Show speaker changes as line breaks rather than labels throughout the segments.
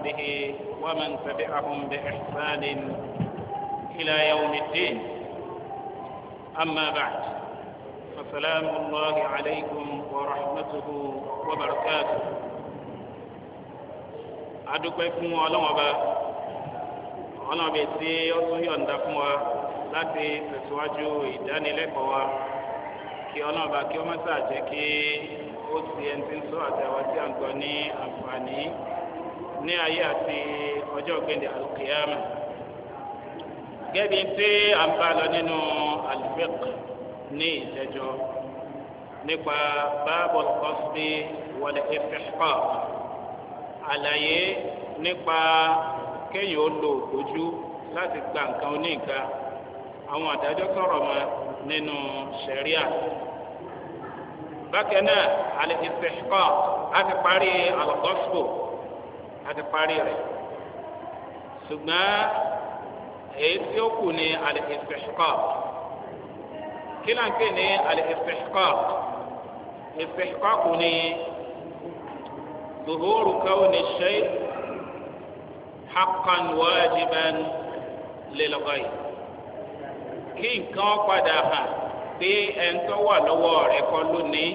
وصحبه ومن تبعهم بإحسان إلى يوم الدين أما بعد فسلام الله عليكم ورحمته وبركاته adúpẹ́ fún ọlọ́wọ́n bá ọlọ́wọ́n bẹ tí ó tún yọ̀ǹda fún wa láti tẹ̀síwájú ìdánilẹ́kọ̀ọ́ wa kí ọlọ́wọ́n bá kí ó má ṣàjẹ́ kí ó ti ẹni tí ń sọ àtàwọn tí a ń gbọ́ ní àǹfààní ní ayé àti ọjọ́ gbẹ̀ndẹ̀ alukiyama gẹ́gẹ́ tí a ń bá lọ nínú alifẹ́k ní ìjẹjọ́ nípa báàbọ̀ kọ́sí wọlé ìfẹ́fọ́ àlàyé nípa kéèyàn ó lo òdojú láti gba nǹkan oníǹka àwọn àdájọ́ sọ̀rọ̀ mọ́ nínú sẹ̀ríà bákan náà alẹ́ a ti parí alọ́gọ́sìpò àti parí rẹ̀ ṣùgbọ́n èyí tí ó kù ní al-istihqaq kí là ń pè ní al-istihqaq istihqaq ní zuhuru kawni shay haqqan wajiban lil kí nǹkan padà hàn pé ẹ̀ńtọ́ wà lọ́wọ́ rẹ̀ kọ́ lónìí.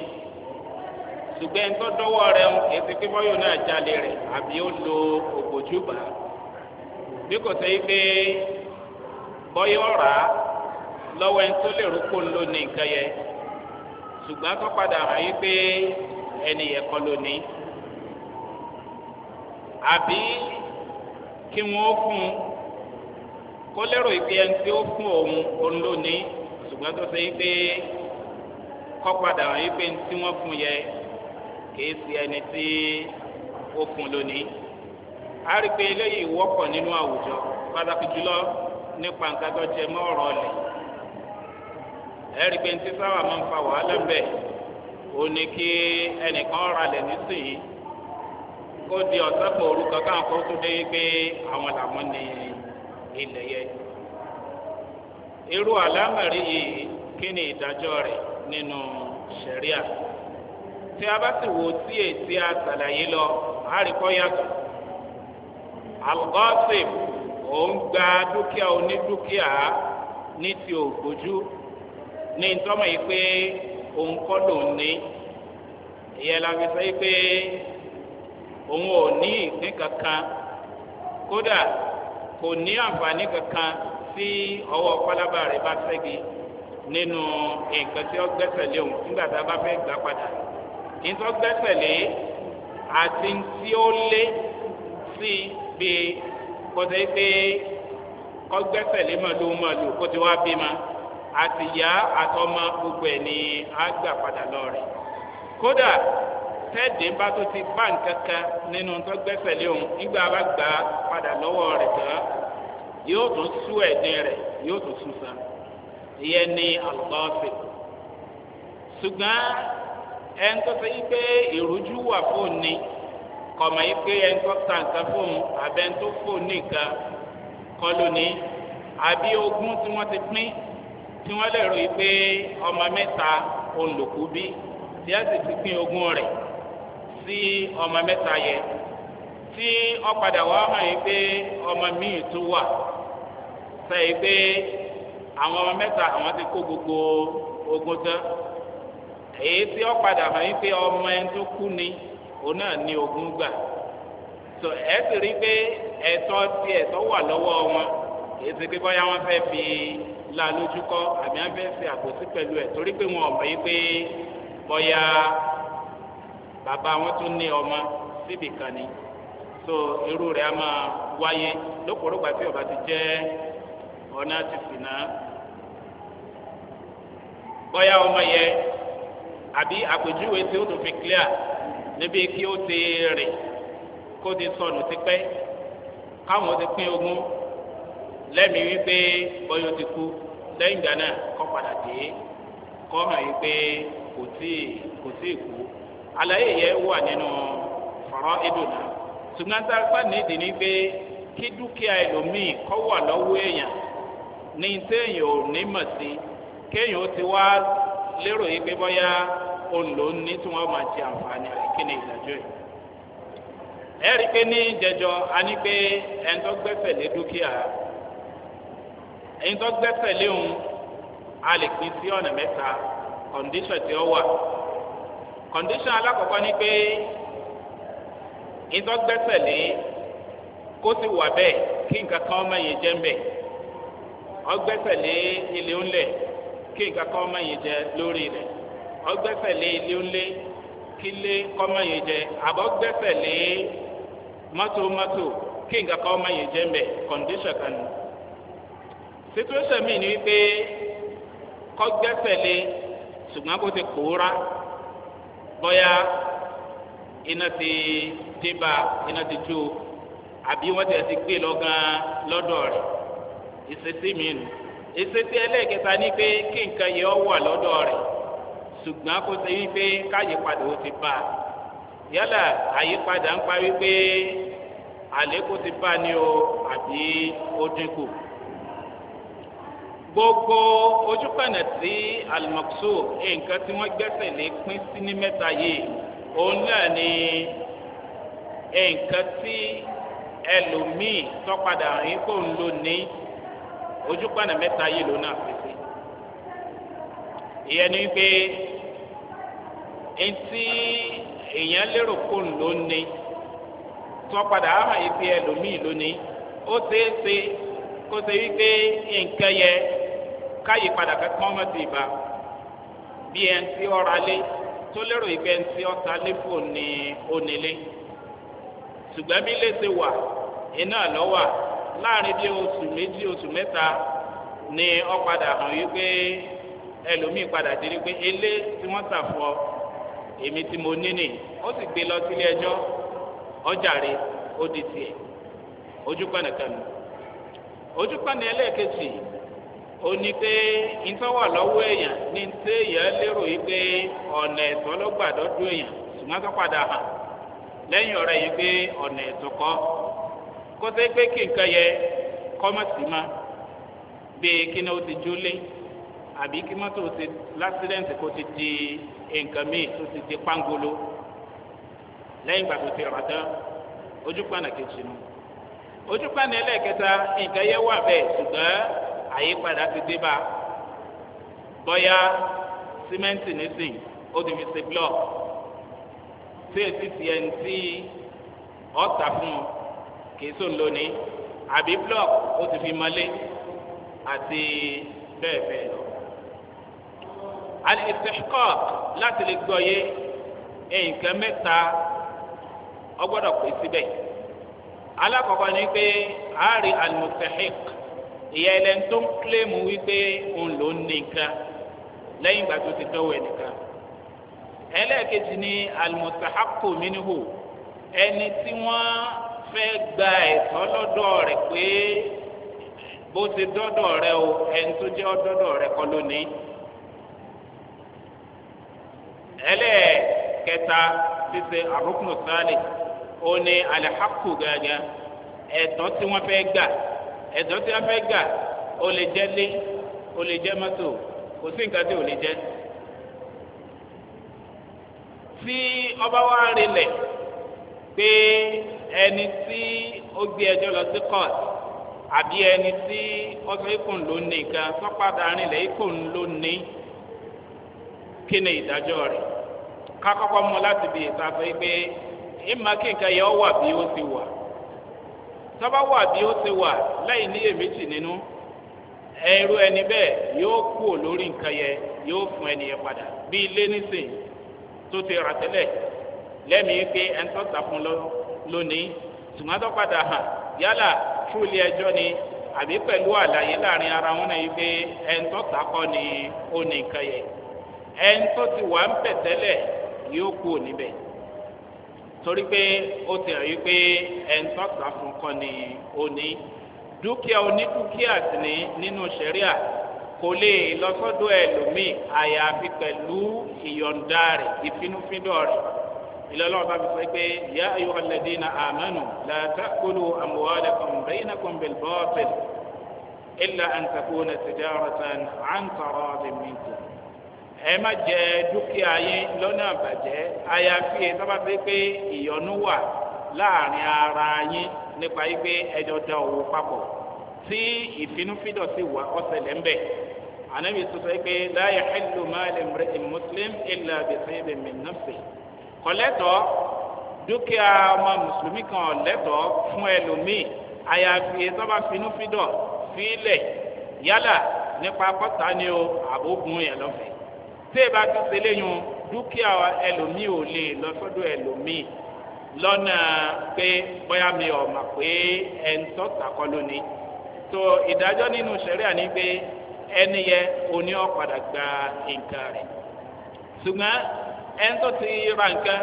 sùgbọ́n ẹni tó dọ́wọ́ rẹ̀ ń ètò pé bọ́yọ̀ náà jalè rẹ̀ àbí ó lo ògbójúbà bí kò sẹ́yìn pé bọ́yọ̀ rà á lọ́wọ́ ẹni tó lè rúkó ní nǹkan yẹn ṣùgbọ́n tó padà ife yí pé ẹni yẹn kọ́ ló àbí kí wọ́n fún un kó lérò fún òun òun kìí fi ẹni tí ó fún lónìí a rí pé eléyìí wọ́pọ̀ nínú àwùjọ pàtàkì jùlọ nípa nǹkan tó jẹ mọ́ ọ̀rọ̀ ọ̀lẹ̀ ẹ rí pé ntí sábà máa ń fa wàhálà bẹ́ẹ̀ ó ní kí ẹnìkan ra lẹ̀ nísìnyí kó di ọ̀sẹ̀ pọ̀ orúkọ káwọn kó tó dé pé àwọn làwọn ní ilẹ̀ yẹn irú àlámẹ̀rí yìí kí ni ìdájọ́ rẹ̀ nínú sẹ̀ríà. tí a bá sì wò sí lọ àríkọ́ yàtọ̀ algosim ò ń gba dúkìá onídúkìá ní ti ògbójú ní ìtọ́mọ̀ yìí pé òun kọ́ lòun ní ìyẹn la fi sọ yìí pé òun ò ní ìpín kankan kódà kò ní àǹfààní kankan tí ọwọ́ pálábà rẹ̀ ìtọ́gbẹ́sẹ̀lé àti tí ó lé sí bí kọjá pé ọgbẹ́sẹ̀lé mọ̀lú mọ̀lú kó ti wá bímọ àti ìyá àtọmọ gbogbo ẹ̀ ní àgbà padà lọ rẹ̀ kódà tẹ́ẹ̀dín bá tó ti bá nǹkan kan nínú tọ́gbẹ́sẹ̀lé òun nígbà bá gbà padà lọ́wọ́ rẹ̀ tán yóò tún sú ẹ̀dín rẹ̀ yóò tún sùn sàn ìyẹn ní àlùkò ọ̀sẹ̀ ṣùgbọ́n ẹni tó sọ yìí pé ìrújú wà fóònù ni kọ̀mọ̀ yìí pé ẹni tó ta nǹkan fóònù abẹ́ ẹni tó fóònù nìkan kọlù ní àbí ogún tí wọ́n ti pín tí wọ́n lè rò yìí pé ọmọ mẹ́ta olùkú bí tí a sì ti pín ogún rẹ̀ sí ọmọ mẹ́ta yẹn tí ọ̀padà wà hàn yìí pé ọmọ míì tó wà sẹ́yìn pé àwọn ọmọ mẹ́ta àwọn ti kó gbogbo ogún tán. èyí tí ọ padà hàn yín pé ọmọ ẹni tó kú ni òun náà ní so ẹ sì rí pé ẹtọ tí ẹtọ wà lọ́wọ́ wọn èyí pé wọn fẹ́ fi la lójú kọ́ àbí wọ́n pẹ̀lú ẹ̀ torí pé wọn yín pé bàbá wọn tún ní ọmọ síbì ọba ti ọ ti ọmọ àbí àpèjúwe tí ó tún fi clear níbi kí ó ti rìn kó ti sọnù tipẹ́ káwọn ti pín ogún lẹ́mìí wípé bọ́yọ̀ ti kú lẹ́yìn ìgbà náà kọ́ padà dé kọ́ hàn yí pé kò tíì kò tíì kú àlàyé yẹn wà nínú fọ̀rọ̀ ìdùnnà ṣùgbọ́n tá nídìí ni pé kí dúkìá ẹlòmíì kọ́ wà lọ́wọ́ èèyàn ní téèyàn ò ní mọ̀ sí kéèyàn ó ti wá lérò yí pé bọ́yá olùlò ní tí wọ́n máa ti àǹfààní kíni ìdájọ́ yìí. ní jẹjọ a pé ẹni dúkìá ẹni tó a lè pín sí ọ̀nà mẹ́ta kọ̀ǹdíṣọ̀ tí ó wà. kọ̀ǹdíṣọ̀ alákọ̀ọ́kọ́ ni pé ẹni kó sì wà bẹ́ẹ̀ kí nǹkan ọgbẹ́fẹ̀lé ilé ńlé kílé kọ́mọ̀yé jẹ àbọ̀ gbẹ́fẹ̀lé mọ́tò mọ́tò kí nǹkan kan ọmọ yẹn jẹ mbẹ kọndíṣàn kan ní. situation mi ni wípé kọ́gbẹ́fẹ̀lé ṣùgbọ́n kó ti pòórá bọ́yá iná ti débà iná ti jó àbí wọ́n ti ti gbé lọ́gán lọ́dọ̀ rẹ̀ ìṣesí mi nù. ìṣesí ẹlẹ́ẹ̀kẹta ni pé kí nǹkan yẹn wà lọ́dọ̀ rẹ̀ ṣùgbọ́n kó ṣe wípé káyípadà ó ti bá a yálà àyípadà ń parí pé àlékún ti bá ni o àbí ó dínkù gbogbo ojúkànnà tí alimakuso nǹkan tí wọ́n gbẹ́sẹ̀ lé pín sí ní mẹ́ta yìí òun náà ni nǹkan tí ẹlòmíì tọ́padà rìn kó ń lò ní ojúkànnà mẹ́ta yìí ló pèsè ìyẹn ni pé. etí èèyàn lérò kó ló ní tó padà á hàn ibi ẹlòmíì lónìí ó ṣeé kó ṣe wípé nǹkan yẹ káyì padà kankan mọ́ ti bá bí ẹ̀ ń tó lérò ìgbẹ́ ń ọ̀tá ní onílé ṣùgbọ́n léṣe wà iná lọ́wọ́ láàrin bí oṣù méjì oṣù mẹ́ta èmi tí mo ní nì ó sì gbé lọ sílé ẹjọ ọjà ó di tiẹ̀ ojúpọ̀nà kanu ojúpọ̀nà ẹlẹ́ẹ̀kejì ó ní pé wà lọ́wọ́ èèyàn ní tí èèyàn lérò yìí pé ọ̀nà ẹ̀tọ́ ló gbàdọ́ dún èèyàn ṣùgbọ́n tó padà lẹ́yìn ọ̀rẹ́ yìí pé ọ̀nà ẹ̀tọ́ kọ́ kó pé yẹ kọ́mọ̀sì bíi kí ni ó ti jólé àbí kí mọ́tò nǹkan míì tó ti di pangolo lẹ́yìn ìgbà tó ti rà tán ojúpànà kejì nu ojúpànà ẹlẹ́ẹ̀kẹta nǹkan yẹn wà bẹ́ẹ̀ ṣùgbọ́n àyípadà ti dé bá bọ́yá símẹ́ǹtì nísìn ó ti fi ṣe blọ́ọ̀ tí èsì tiẹ̀ ń tí ọ̀tà fún un kì í sùn lónìí àbí blọ́ọ̀ ó ti fi mọ́lé àti bẹ́ẹ̀ bẹ́ẹ̀ al-istihqaq láti lè gbọ́ yé nǹkan mẹ́ta ọgbọ́dọ̀ pè síbẹ̀ alákọ̀ọ́kọ́ ni pé ari al-mustahiq ìyá ẹlẹ́ni tó ń kílèmù wípé òun ló ń nìkan lẹ́yìn ìgbà tó ti dọ́wọ́ ẹnìkan ẹlẹ́ẹ̀kejì ni al-mustahaqqu minhu tí wọ́n fẹ́ gba ẹ̀tọ́ lọ́dọ̀ rẹ̀ pé bó ti dọ́dọ̀ rẹ o ẹni tó jẹ́ ọdọ́dọ̀ rẹ ẹlẹ́ẹ̀kẹta ṣíṣe àrùkùn sálẹ̀ ó ní alẹ́hàkù gẹ́gẹ́ ẹ̀tọ́ tí wọ́n fẹ́ gbà ẹ̀tọ́ tí wọ́n fẹ́ gbà ó lè jẹ́ lé ó lè jẹ́ mọ́tò kò sí nǹkan tí ò lè jẹ́. tí ọba wa rinlẹ̀ pé ẹni tí ó gbé ẹjọ́ lọ sí court àbí ẹni tí ọsọ ikùn ló ní nǹkan sọ́padà rinlẹ̀ ikùn ló ní kí ni ìdájọ́ rẹ̀. kakɔkɔ mu láti bi ìtàsọ yìí pé ìmọ̀ kí nǹkan yẹn wà bí ó ti wà tọ́ba wà bí ó ti wà lẹ́yìn ní n'inu. nínú ẹ̀rú ẹni bẹ́ẹ̀ yóò kú lórí nǹkan yẹn yóò fún ẹni yẹn padà bí ilé nísìn tó ti rà tẹ́lẹ̀ lẹ́mìí pé ẹni tó lónìí tùmọ́tò padà hàn yálà fúlẹ̀ ẹjọ́ ni àbí pẹ̀lú àlàyé láàrin ara wọn náà yìí pé ẹni tó ni ó ní nǹkan yẹn ti wà ń tẹ́lẹ̀ yóò kú níbẹ̀ torí pé ó ti hàn yí pé ẹ̀ńtọ́ta fún kan ní òní dúkìá onídùkìá sì ní nínú sẹ́ríà kò lè lọ́sọ́dọ̀ ẹlòmíì àyàfi pẹ̀lú ìyọ̀ǹda rẹ̀ ìfinúfíndọ̀ rẹ̀ ìlọ́lọ́wọ́ bá fi sọ pé yá ayọ́ ọ̀lẹ́dínà àmánù làtàkùlù àmúwádàkùn bẹ́yìnàkùn bẹ̀lbọ́ọ̀tẹ̀lì ilà àǹtàkùn tìjáratan àǹtàrọ̀ ọ̀dẹ̀ ẹ má jẹ dúkìá yín lọ́nà àbàjẹ́ àyàfi ẹ sábà pé pé ìyọnu wà láàrin ara yín nípa yí pé ẹjọ da òwò papọ̀ tí ìfinúfídọ̀ sì wà ọ̀sẹ̀lẹ̀ ń bẹ̀ ànábi sọsọ yí pé láyé xẹlú máàlì mùrẹ́tì mùsùlùm ìlà bẹ̀sẹ̀ bẹ̀mí nàfẹ̀ kọ̀lẹ́tọ̀ dúkìá ọmọ mùsùlùmí kan lẹ́tọ̀ fún ẹlòmíì àyàfi ẹ finúfídọ̀ fílẹ̀ yálà nípa pọ́tà ni o àbógun yẹn lọ́fẹ̀ẹ́ tí ẹ bá ti ṣe léyìn dúkìá ẹlòmíì ò lè lọ sọ́dọ̀ ẹlòmíì lọ́nà pé bóyá mi ò mọ̀ pé ẹ̀ ń tọ́ta kọ́ lónìí tó ìdájọ́ nínú sẹ́ríà ní pé ẹni yẹ oní ọ̀padà gba nǹkan rẹ̀ ṣùgbọ́n ẹni tó ti ra nǹkan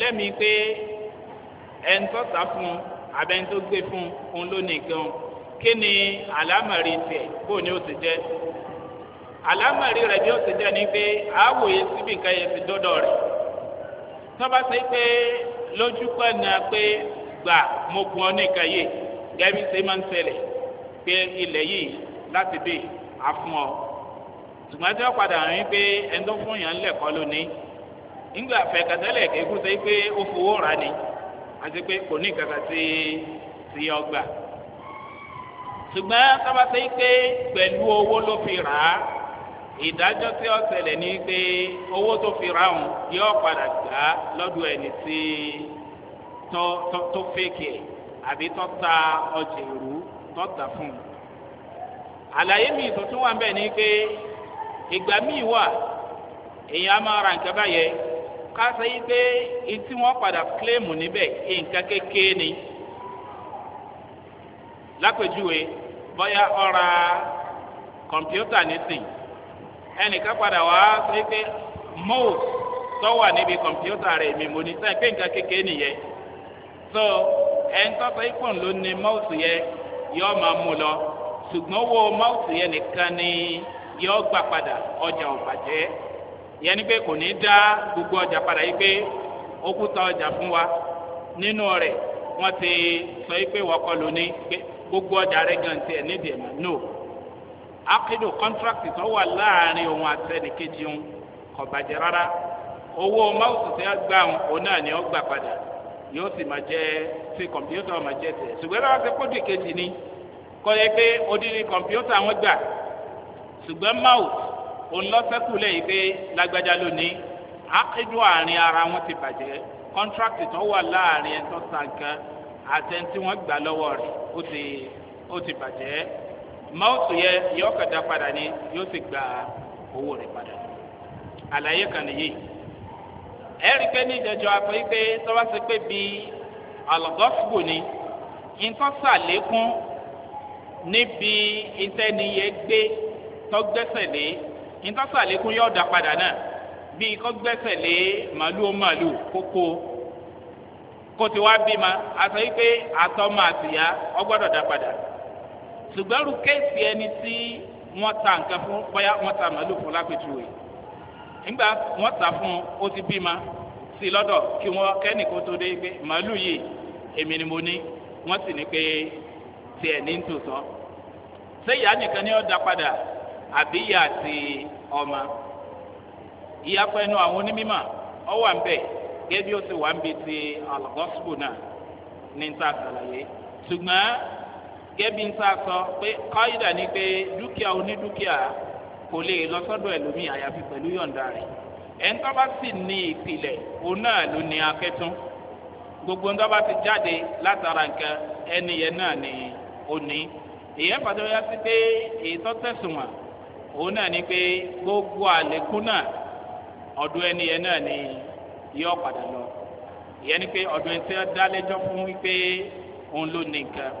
lẹ́mìí pé ẹni tó ta fún un abẹ́ni tó gbé fún un òun ló ní kí ni àlámọ̀rí tiẹ̀ bó ni ó ti jẹ́ alamari rẹ̀ bí ó ti jẹ́ ni pé àwòye síbi nǹkan yẹn ti dọ́dọ̀ rẹ̀ tọ́ba ṣe pé lójú pẹ́ na pé gbà mo gun ọ nìkan yìí gẹ́bí ṣe máa ń ṣẹlẹ̀ pé ilẹ̀ yìí láti bè á fún ọ ṣùgbọ́n tí wọ́n padà rìn pé ẹni tó fún yàn ń lẹ̀kọ́ lónìí nígbà fẹ́ kẹtẹ́lẹ̀ kékú ṣe pé ó fowó rà ni àti pé kò ní kankan sí sí ọgbà ṣùgbọ́n tọ́ba ṣe pé pẹ̀lú owó ló fi rà á ìdájọ́ tí ó ṣẹlẹ̀ ní pé owó tó fi ráhùn yóò padà gbà á lọ́dọ̀ ẹni tí tó fèkì ẹ̀ àbí tó ta ọjà ìrú tó tà fún un. àlàyé mi tuntun wà bẹ́ẹ̀ ni pé ìgbà míì wà èèyàn á máa ra nǹkan báyẹn ká sọ yí pé etí wọn padà kílèmù níbẹ̀ nǹkan kékeré ni lápèjúwe bóyá ọ̀ra kọ̀ǹpútà nísìnyí ẹnìkan padà wá sí pé mouse tó wà níbi kọ̀mpútà rẹ̀ mi mo ní sẹ́yìn pé nǹkan kékeré nìyẹn so ẹni tó sọ ipò ló ní mouse yẹn yọ máa mú lọ ṣùgbọ́n wo mouse yẹn nìkan ni yọ gbà padà ọjà ò bàjẹ́ yẹn ni pé kò ní dá gbogbo ọjà padà yìí pé ó kú ta ọjà fún wa nínú rẹ̀ wọ́n ti sọ pé wọ́n lóní pé gbogbo ọjà rẹ̀ gan tiẹ̀ nídìí ẹ̀ mọ́ no akidu kọntrakti tó wà láàrin òun àtẹnì kejì òun kò bàjẹ́ rárá owó máwùsù tí a gbà òun òun náà ni ó gbà padà yóò sì máa jẹ ti kọ̀mpútà ọmọ jẹ tẹ̀ ṣùgbọ́n láwọn ti kódì kejì ni kọ́ ẹ pé odidi kọ̀mpútà wọn gbà ṣùgbọ́n máwùsù òun lọ́sẹ̀kù lẹ́yìn pé lágbájá lónìí akidu àárín ara wọn ti bàjẹ́ kọntrakti tó wà láàrin ẹ̀ńtọ́ sàǹkan àtẹ̀ntí wọn gbà lọ́wọ́ rẹ̀ ó ti bàjẹ́. mọ́ọ̀tù yẹ yọ da padà ni yóò si gba owó rẹ̀ padà àlàyé kan nìyí ẹ̀rí pé ní ìjẹjọ́ àpò yìí pé tọ́wọ́ ni ìtọ́sà lékún níbi ìtẹ́niyẹ gbé tọ́gbẹ́sẹ̀ lé ìtọ́sà lékún yóò dá padà náà bíi kọ́gbẹ́sẹ̀ lé màálù ó màálù kókó ṣùgbọ́n irú kéèsì ẹni tí wọ́n ta nǹkan fún bóyá wọ́n ta màálù fún lápẹ̀tùwé nígbà wọ́n ta fún ó ti bímọ sí lọ́dọ̀ kí wọ́n kẹ́nìkan tó dé pé màálù yìí èmi ni mo ní wọ́n sì ní pé tiẹ̀ ní tòótọ́ ṣé ìyá nìkan ni ó padà àbí ìyá àti ọmọ ìyapẹ́ ẹnu àwọn onímọ̀ ọ wà gẹ́gẹ́ bí ó ti wà ń bi ti alagọ́sùpù náà ní ta ṣùgbọ́n gẹ́bí ń sá sọ pé káyọ̀dà ni pé dúkìá onídúkìá kò lè lọ sọ́dọ̀ ẹlòmíì àyàfi pẹ̀lú yọ̀ǹda rẹ̀ ẹ̀ńtọ́ bá sì ní ìpìlẹ̀ òun náà ló ní akẹ́tún gbogbo ńtọ́ bá ti jáde látara nǹkan ẹni yẹn náà ni òní ìyẹn fàtẹ́wọ́yá sí pé ètò tẹ̀sùn wọn òun ni pé gbogbo àlékún náà ọdún ẹni yẹn náà ni yọ padà lọ ìyẹn ni pé ọdún ẹni tí wọ́n dá lẹ́jọ́ fún wípé òun ló ní nǹkan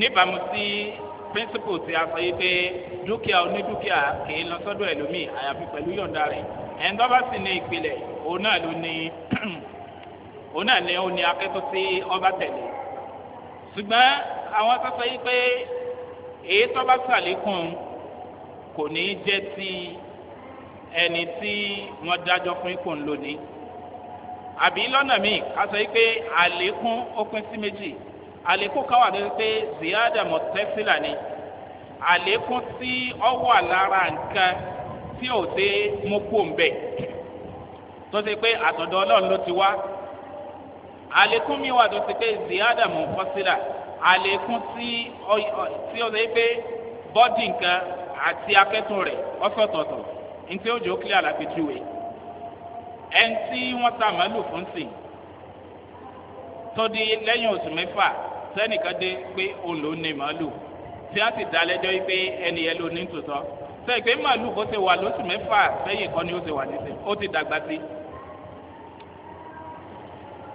níbàámu sí píríncípù tí a sọ yìí pé dúkìá onídúkìá kìí lọ sọ́dọ̀ ẹlòmíì àyàfi pẹ̀lú yọ̀ǹda rẹ̀ ẹ̀ńdọ́bà sì ní ìpìlẹ̀ òun náà ló ní òun náà ní ó ní akẹ́kọ̀ọ́ sí ọba tẹ̀lé ṣùgbọ́n àwọn sọ sọ yìí pé èyí tọ́ba sàlékún kò ní í jẹ́ ti ẹni tí wọ́n dájọ́ fún ipò ńlónìí àbí lọ́nà míì a sọ yìí pé àlékún ó pín sí méjì àlékún kan wà lórí pé ziyada mọ̀tẹ́sílà ni àlékún tí ọ wà lára nǹkan tí ò dé mú kó ń bẹ̀ tó ṣe pé àtọ̀dọ̀ ọlọ́run ló ti wá àlékún mi wà tó ṣe pé ziyada mọ̀tẹ́sílà àlékún tí ó ṣe pé bọ́dì nǹkan àti akẹ́tùn rẹ̀ ọ̀sọ̀tọ̀ọ̀tọ̀ ntí ó jẹ́ ó kílẹ̀ àlàpẹ̀tùwẹ̀ ẹni tí wọ́n ta fún sí tó di lẹ́yìn oṣù mẹ́fà sẹ́nìkan dé pé òun ló ní màálù tí a sì dá lẹ́jọ́ yìí pé ẹni yẹn ló ní tòótọ́ sẹ́yìn pé màálù bó ṣe wà lóṣù mẹ́fà sẹ́yìn kan ni ó ṣe wà nísìnyí ó ti dàgbà sí.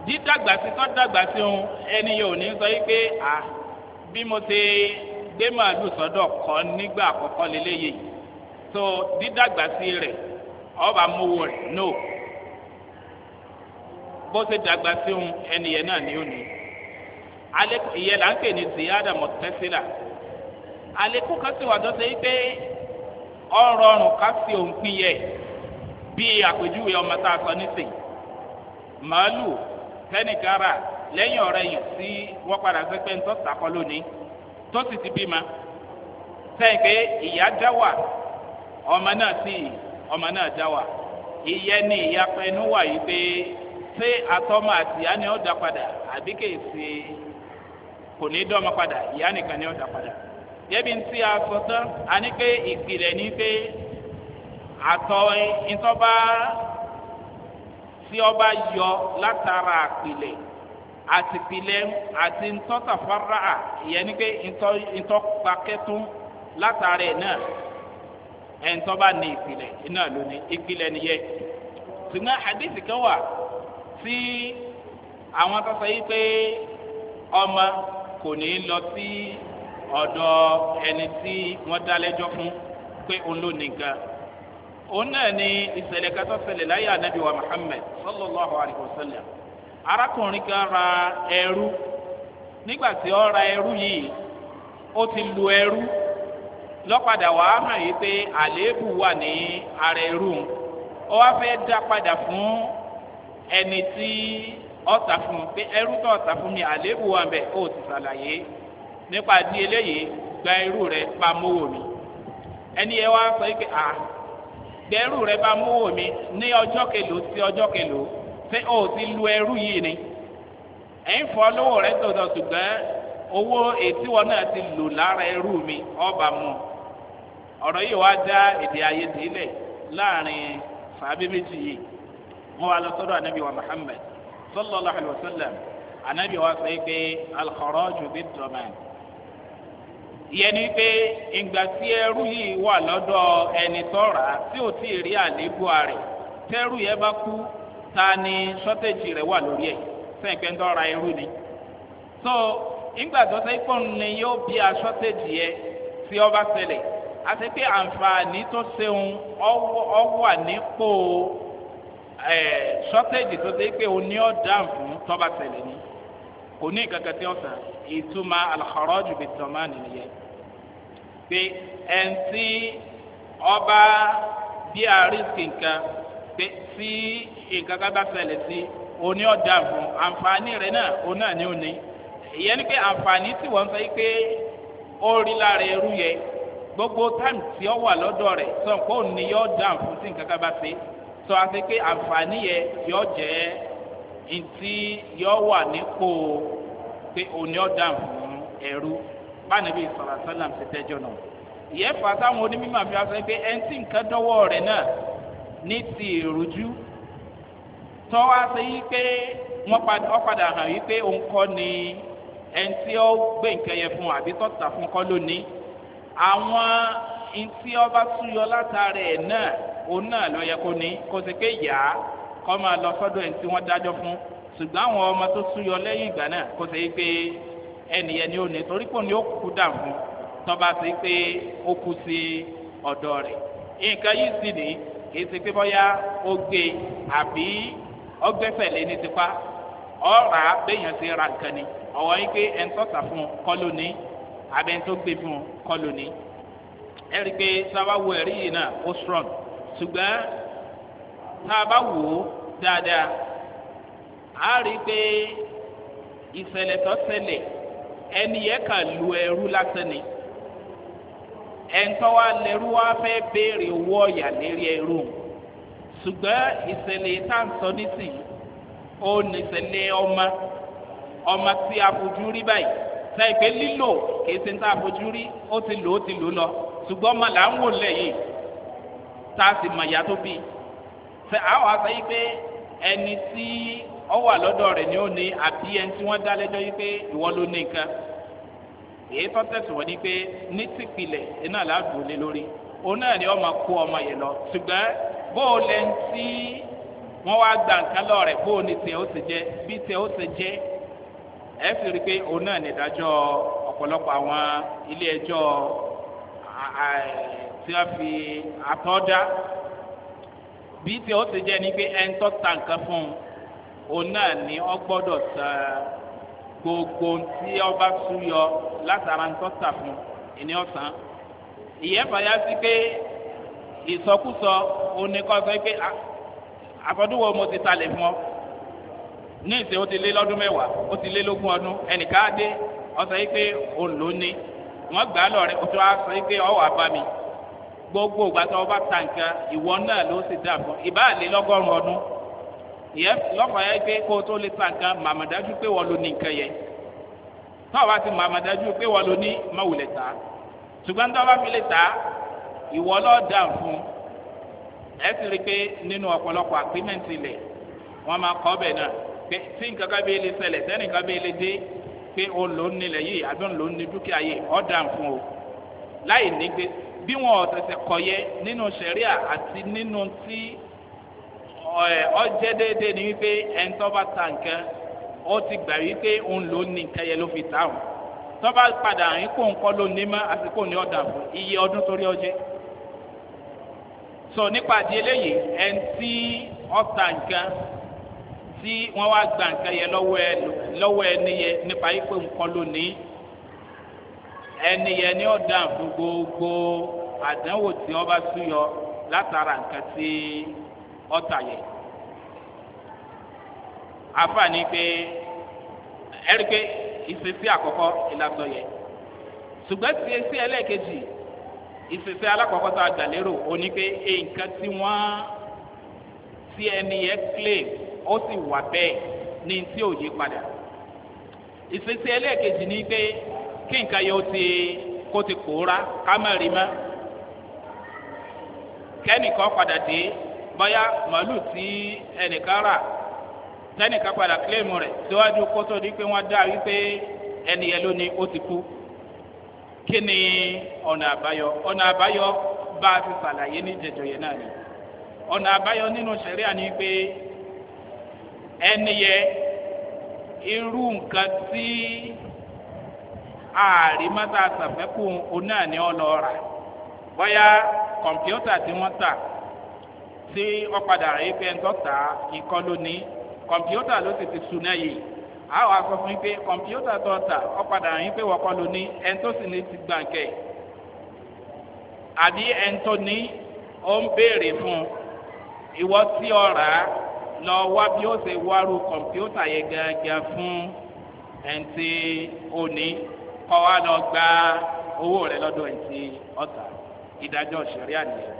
dídàgbà sí tó dàgbà sí òun ẹni yẹn ní sọ yìí pé à bí mo ṣe gbé màálù sọ́dọ̀ kọ́ nígbà àkọ́kọ́ lélẹ́yìí so dídàgbà sí rẹ̀ ọba mowó rẹ̀ no bó ṣe dàgbà sí òun ẹni yẹn náà ni ó ní alẹ́ ìyẹn là ń pè ziyada mọ̀tẹ́sílà àlékún kasi sì wà tó ṣe pé ọrọ̀ ọrùn ká sí òun malu yẹ bíi àpèjúwe ọmọ tá a sọ nísìn màálù tẹnìkan rà lẹ́yìn ọ̀rẹ́ yìí sí wọ́n padà sí pé ti bímọ sẹ́yìn pé ìyá já wà ọmọ náà sì ọmọ náà já ni ìyá pẹnu wa yìí pé ṣé atọ́mọ àtìyá ni ó dá padà àbí kò ní dọ́mọ padà ìyá nìkan ni ó dà padà débi tí a sọ tán a ní pé ìpìlẹ̀ ní pé àtọ̀ ìtọ́ba tí ọba yọ látara àpìlẹ̀ àti pilẹ̀ àti ntọ́ta ìyẹn ni pé ntọ́pakẹ́tún látara ẹ̀ náà ẹ̀ ntọ́ba ní ìpìlẹ̀ iná lónìí ìpìlẹ̀ nìyẹn ṣùgbọ́n àdéhùn kan wà tí àwọn tó yìí pé ọmọ kò ní lọ sí ọ̀dọ̀ ẹni tí wọ́n dá lẹ́jọ́ fún pé òun ló ní nǹkan òun náà ni ìṣẹ̀lẹ̀ kátó ṣẹlẹ̀ láyé anabi wa muhammed sallallahu alayhi wa sallam arákùnrin kan ra ẹrú nígbà tí ó ra ẹrú yìí ó ti lu ẹrú lọ́padà wàá hàn yìí pé àléébù wà ní ara ẹrú ó wá fẹ́ dá padà fún ẹni tí ọ̀tà fún un pé ẹrú tó ọ̀tà fún mi àléébù wa bẹ̀ ó ti sàlàyé nípa ní eléyìí gba irú rẹ bá mówó mi ẹni yẹn wá sọ pé à gba irú rẹ bá mówó mi ní ọjọ́ kelo sí ọjọ́ kelo pé ó ti lu ẹrú yìí ni ẹ̀yin fọ́ lówó rẹ tọ̀tọ̀ ṣùgbọ́n owó ètí wọn náà ti lò lára ẹrú mi ọba mu ọ̀rọ̀ yìí wá dá èdè ayé sílẹ̀ láàrin fàábí méjì yìí wọ́n wá lọ sọ́dọ̀ ànábì wa muhammed sallallahu alayhi wa sallam anabi wa sọ pé alkọrọjù bí dọ̀mán ìyẹn ni pé ìgbà tí ẹrú yìí wà lọ́dọ̀ ẹni tọ́ra tí ò tí ì rí àléébù rẹ̀ tẹ́rù yẹn bá kú ta ni sọ́tẹ̀jì rẹ̀ wà lórí ẹ̀ sẹ́yìn ń tọ́ra ẹrú ni so ìgbà tó sẹ́yìn pọ̀ ni yóò bí a sọ́tẹ̀jì yẹn tí ọba sẹlẹ̀ àti pé àǹfààní tó ṣeun ọwọ́ wà nípò shortage tó ṣe pé òní ọ̀dàn fún tọ́ba tẹ̀lé ni kò ní kankan tí wọ́n sàn ìtumọ̀ alxọ́rọ́jù bíi tọ́mà nìyẹn pé ẹ̀ǹtí ọba bí àrísì nǹkan pé tí nǹkan kan bá ṣẹlẹ̀ sí òní ọ̀dàn fún àǹfààní rẹ̀ náà òun náà ni òní ìyẹn ni pé àǹfààní tí wọ́n sọ pé ó rí lára ẹrú yẹ gbogbo táìmù tí ó wà lọ́dọ̀ rẹ̀ sọ̀kò òní yóò dàn fún tí nǹkan bá ṣe sọ àti pé àǹfààní yẹn yọ jẹ́ ntí yọ wà nípò pé òní ọ̀dà fún ẹ̀rú bánibí sọ̀rọ̀ sọ́làm ti tẹ́jọ́ náà ìyẹn fà táwọn onímọ̀ àfi wá sọ pé ẹni tí nǹkan dọ́wọ́ rẹ̀ náà ní ti ìrújú tọ́wá sí pé wọ́n padà hàn wípé òun kọ́ ni ẹni tí ó gbé nǹkan yẹn fún àbí tọ́ta fún kọ́ lónìí àwọn ntí ọba súyọ látara ẹ̀ náà òun náà lọ yẹ kó ní kó sì pé yà á kọ́ máa lọ sọ́dọ̀ ẹni tí wọ́n dájọ́ fún ṣùgbọ́n àwọn ọmọ tó súyọ lẹ́yìn ìgbà náà kó sì pé ẹnìyẹn ni ó ní torí pé òun ni kú dà fún tọ́ba pé ó kú sí ọ̀dọ́ rẹ̀ nǹkan yìí sì ní kìí ṣe pé bọ́yá ó gbé àbí ọgbẹ́sẹ̀ ní tipa ọ̀rà béèyàn ti ra nǹkan ni ọ̀wọ́ yín pé ẹni tọ́ta fún kọ́ lóní àbẹ́ni tó gbé fún kọ́ lóní ẹ̀rí pé sábà wo ẹ̀rí yìí náà ó strong ṣùgbọ́n tá a bá wò ó dáadáa a rí i pé ìṣẹ̀lẹ̀ tó ṣẹlẹ̀ ẹni yẹn kà lu ẹrú lásán ni ẹ̀ńtọ́ wa lẹ́rú wa fẹ́ béèrè owó ọ̀yà lérí ẹrú ṣùgbọ́n ìṣẹ̀lẹ̀ tá à sọ nísìnyí ó ní ọmọ ọmọ tí a fojú rí báyìí sẹ́yìn pé lílò kì í ṣe ń tá a fojú rí ó ti lò ó ti lò lọ ṣùgbọ́n ọmọ là ń wò lẹ́yìn taasị a sì bi ìyá tó bí ṣe àwọn àṣà yìí pé ọ wà ni ó ní àbí ẹni tí wọ́n dá lẹ́jọ́ yìí pé ìwọ ló ní nǹkan èyí tó tẹ̀sùn wọ́n ni pé náà ni ọmọ kó ọmọ yẹn lọ ṣùgbọ́n bó o lẹ́ ń tí wọ́n wá gba nǹkan lọ rẹ̀ o ní tiẹ̀ ó ti jẹ́ bí tiẹ̀ ó ti jẹ́ ẹ tí wọ́n fi àtọ́ dá bí tí ó ti jẹ́ ni pé ẹni tó ta nǹkan fún un òun náà ni ọ gbọ́dọ̀ ta gbogbo tí ọba súyọ látara ń tọ́ta fún ìní ọ̀sán ìyẹn fàyà sí pé ìsọkúsọ oníkọ́sọ pé àfọdúwọ̀ mo ti talẹ̀ fún ọ ní ìsìn ó ti lé lọ́dún mẹ́wàá ó ti lé lógún ọdún ẹnìkan á dé ọ̀sẹ̀ yìí pé òun ló ní wọ́n gbà á lọ rẹ̀ kó tó á sọ yìí pé ọ̀wọ́ àbá mi gbogbo gbàtà ọba ta nǹkan ìwọ náà ló sì dà fún ìbáàlè lọ́gọ́rùn-ún ọdún ìyẹn lọ́kàn yẹn pé kó o tó lè ta nǹkan màmàdájú pé wọ́n lo ní nǹkan yẹn náà wá ti màmàdájú pé wọ́n lo ní mọ̀wùlẹ̀ ta ṣùgbọ́n tó bá fi lè ta ìwọ lọ́ọ́ dà fún ẹ sì rí i pé nínú ọ̀pọ̀lọpọ̀ àgbémẹ̀ntì lẹ̀ wọ́n máa kọ́ bẹ̀ náà pé tí nǹkan ká bí ilé sẹlẹ̀ sẹ́nìkan bí ilé dé pé o lò ó nílẹ̀ yìí àbí o lò ó ní dúkìá yìí ọ̀ dà fún o láì ní gbèsè bí wọn ò tẹ̀sẹ̀ kọ̀ yẹ nínú sẹ̀ríà àti nínú tí ọjẹ́ déédéé ni wípé ẹni tó bá ta nǹkan ó ti gbà wípé òun ló ní nǹkan yẹn ló fi ta òun tó bá padà àyín kó nǹkan ló ní mọ́ àsìkò ní ọ̀dà fún iye ọdún torí ọjẹ́ so nípa àdí eléyìí ẹni tí ọ̀ta nǹkan tí wọ́n wá gba nǹkan yẹn lọ́wọ́ ẹ lọ́wọ́ ẹ níyẹn nípa yìí pé nǹkan ló ní ẹni yẹn ni ó dàn fún gbogbo àdánwò tí ọba súyọ látara nǹkan tí ọta yẹ àfààní pé ẹrí pé ìfèsì àkọ́kọ́ ìlàsọ yẹ ṣùgbọ́n tí esi ẹlẹ́ẹ̀kejì ìfèsì alákọ̀ọ́kọ́ tó àgbàlérò òní pé nǹkan tí wọ́n tí ẹni yẹn claim ó sì wà bẹ́ẹ̀ ní tí ò yí padà ìfèsì ẹlẹ́ẹ̀kejì ni pé kí nǹkan yẹn ó ti kó ti pòórá ká má rí mọ́ kẹ́nìkan padà dé bọ́yá màálù tí ẹnìkan rà tẹ́nìkan padà kílèmù rẹ̀ síwájú di pé wọ́n dá wípé ẹni yẹn lónìí ó ti kú kí ni ọ̀nà àbáyọ ọ̀nà àbáyọ bá a ti sàlàyé ní jẹjọ yẹn náà ni ọ̀nà àbáyọ nínú sẹ̀ríà ni pé ẹni yẹ irú nǹkan tí. ààrí mọ́tà sàfẹ́kù òun náà ni ọ lọ rà bóyá kọ̀mpútà tí wọ́n tà tí wọ́n padà rí pé ń tọ́ta ikọ́ lónìí kọ̀mpútà ló sì ti suná yìí a wà sọ fún yín pé kọ̀mpútà tó tà wọ́n padà rí pé wọ́n kọ́ lónìí ẹni tó sì ní ti gbàǹkẹ́ àbí ẹni tó ní ó ń béèrè fún ìwọ tí ọ rà á lọ wá bí ó ṣe wárú kọ̀mpútà yẹn gẹ́gẹ́ fún ẹni tí ó ní kọ́ wa lọ gba owó rẹ lọ́dọ̀ ìsì ọ̀tà ìdájọ́ ṣẹ̀ríà nìyẹn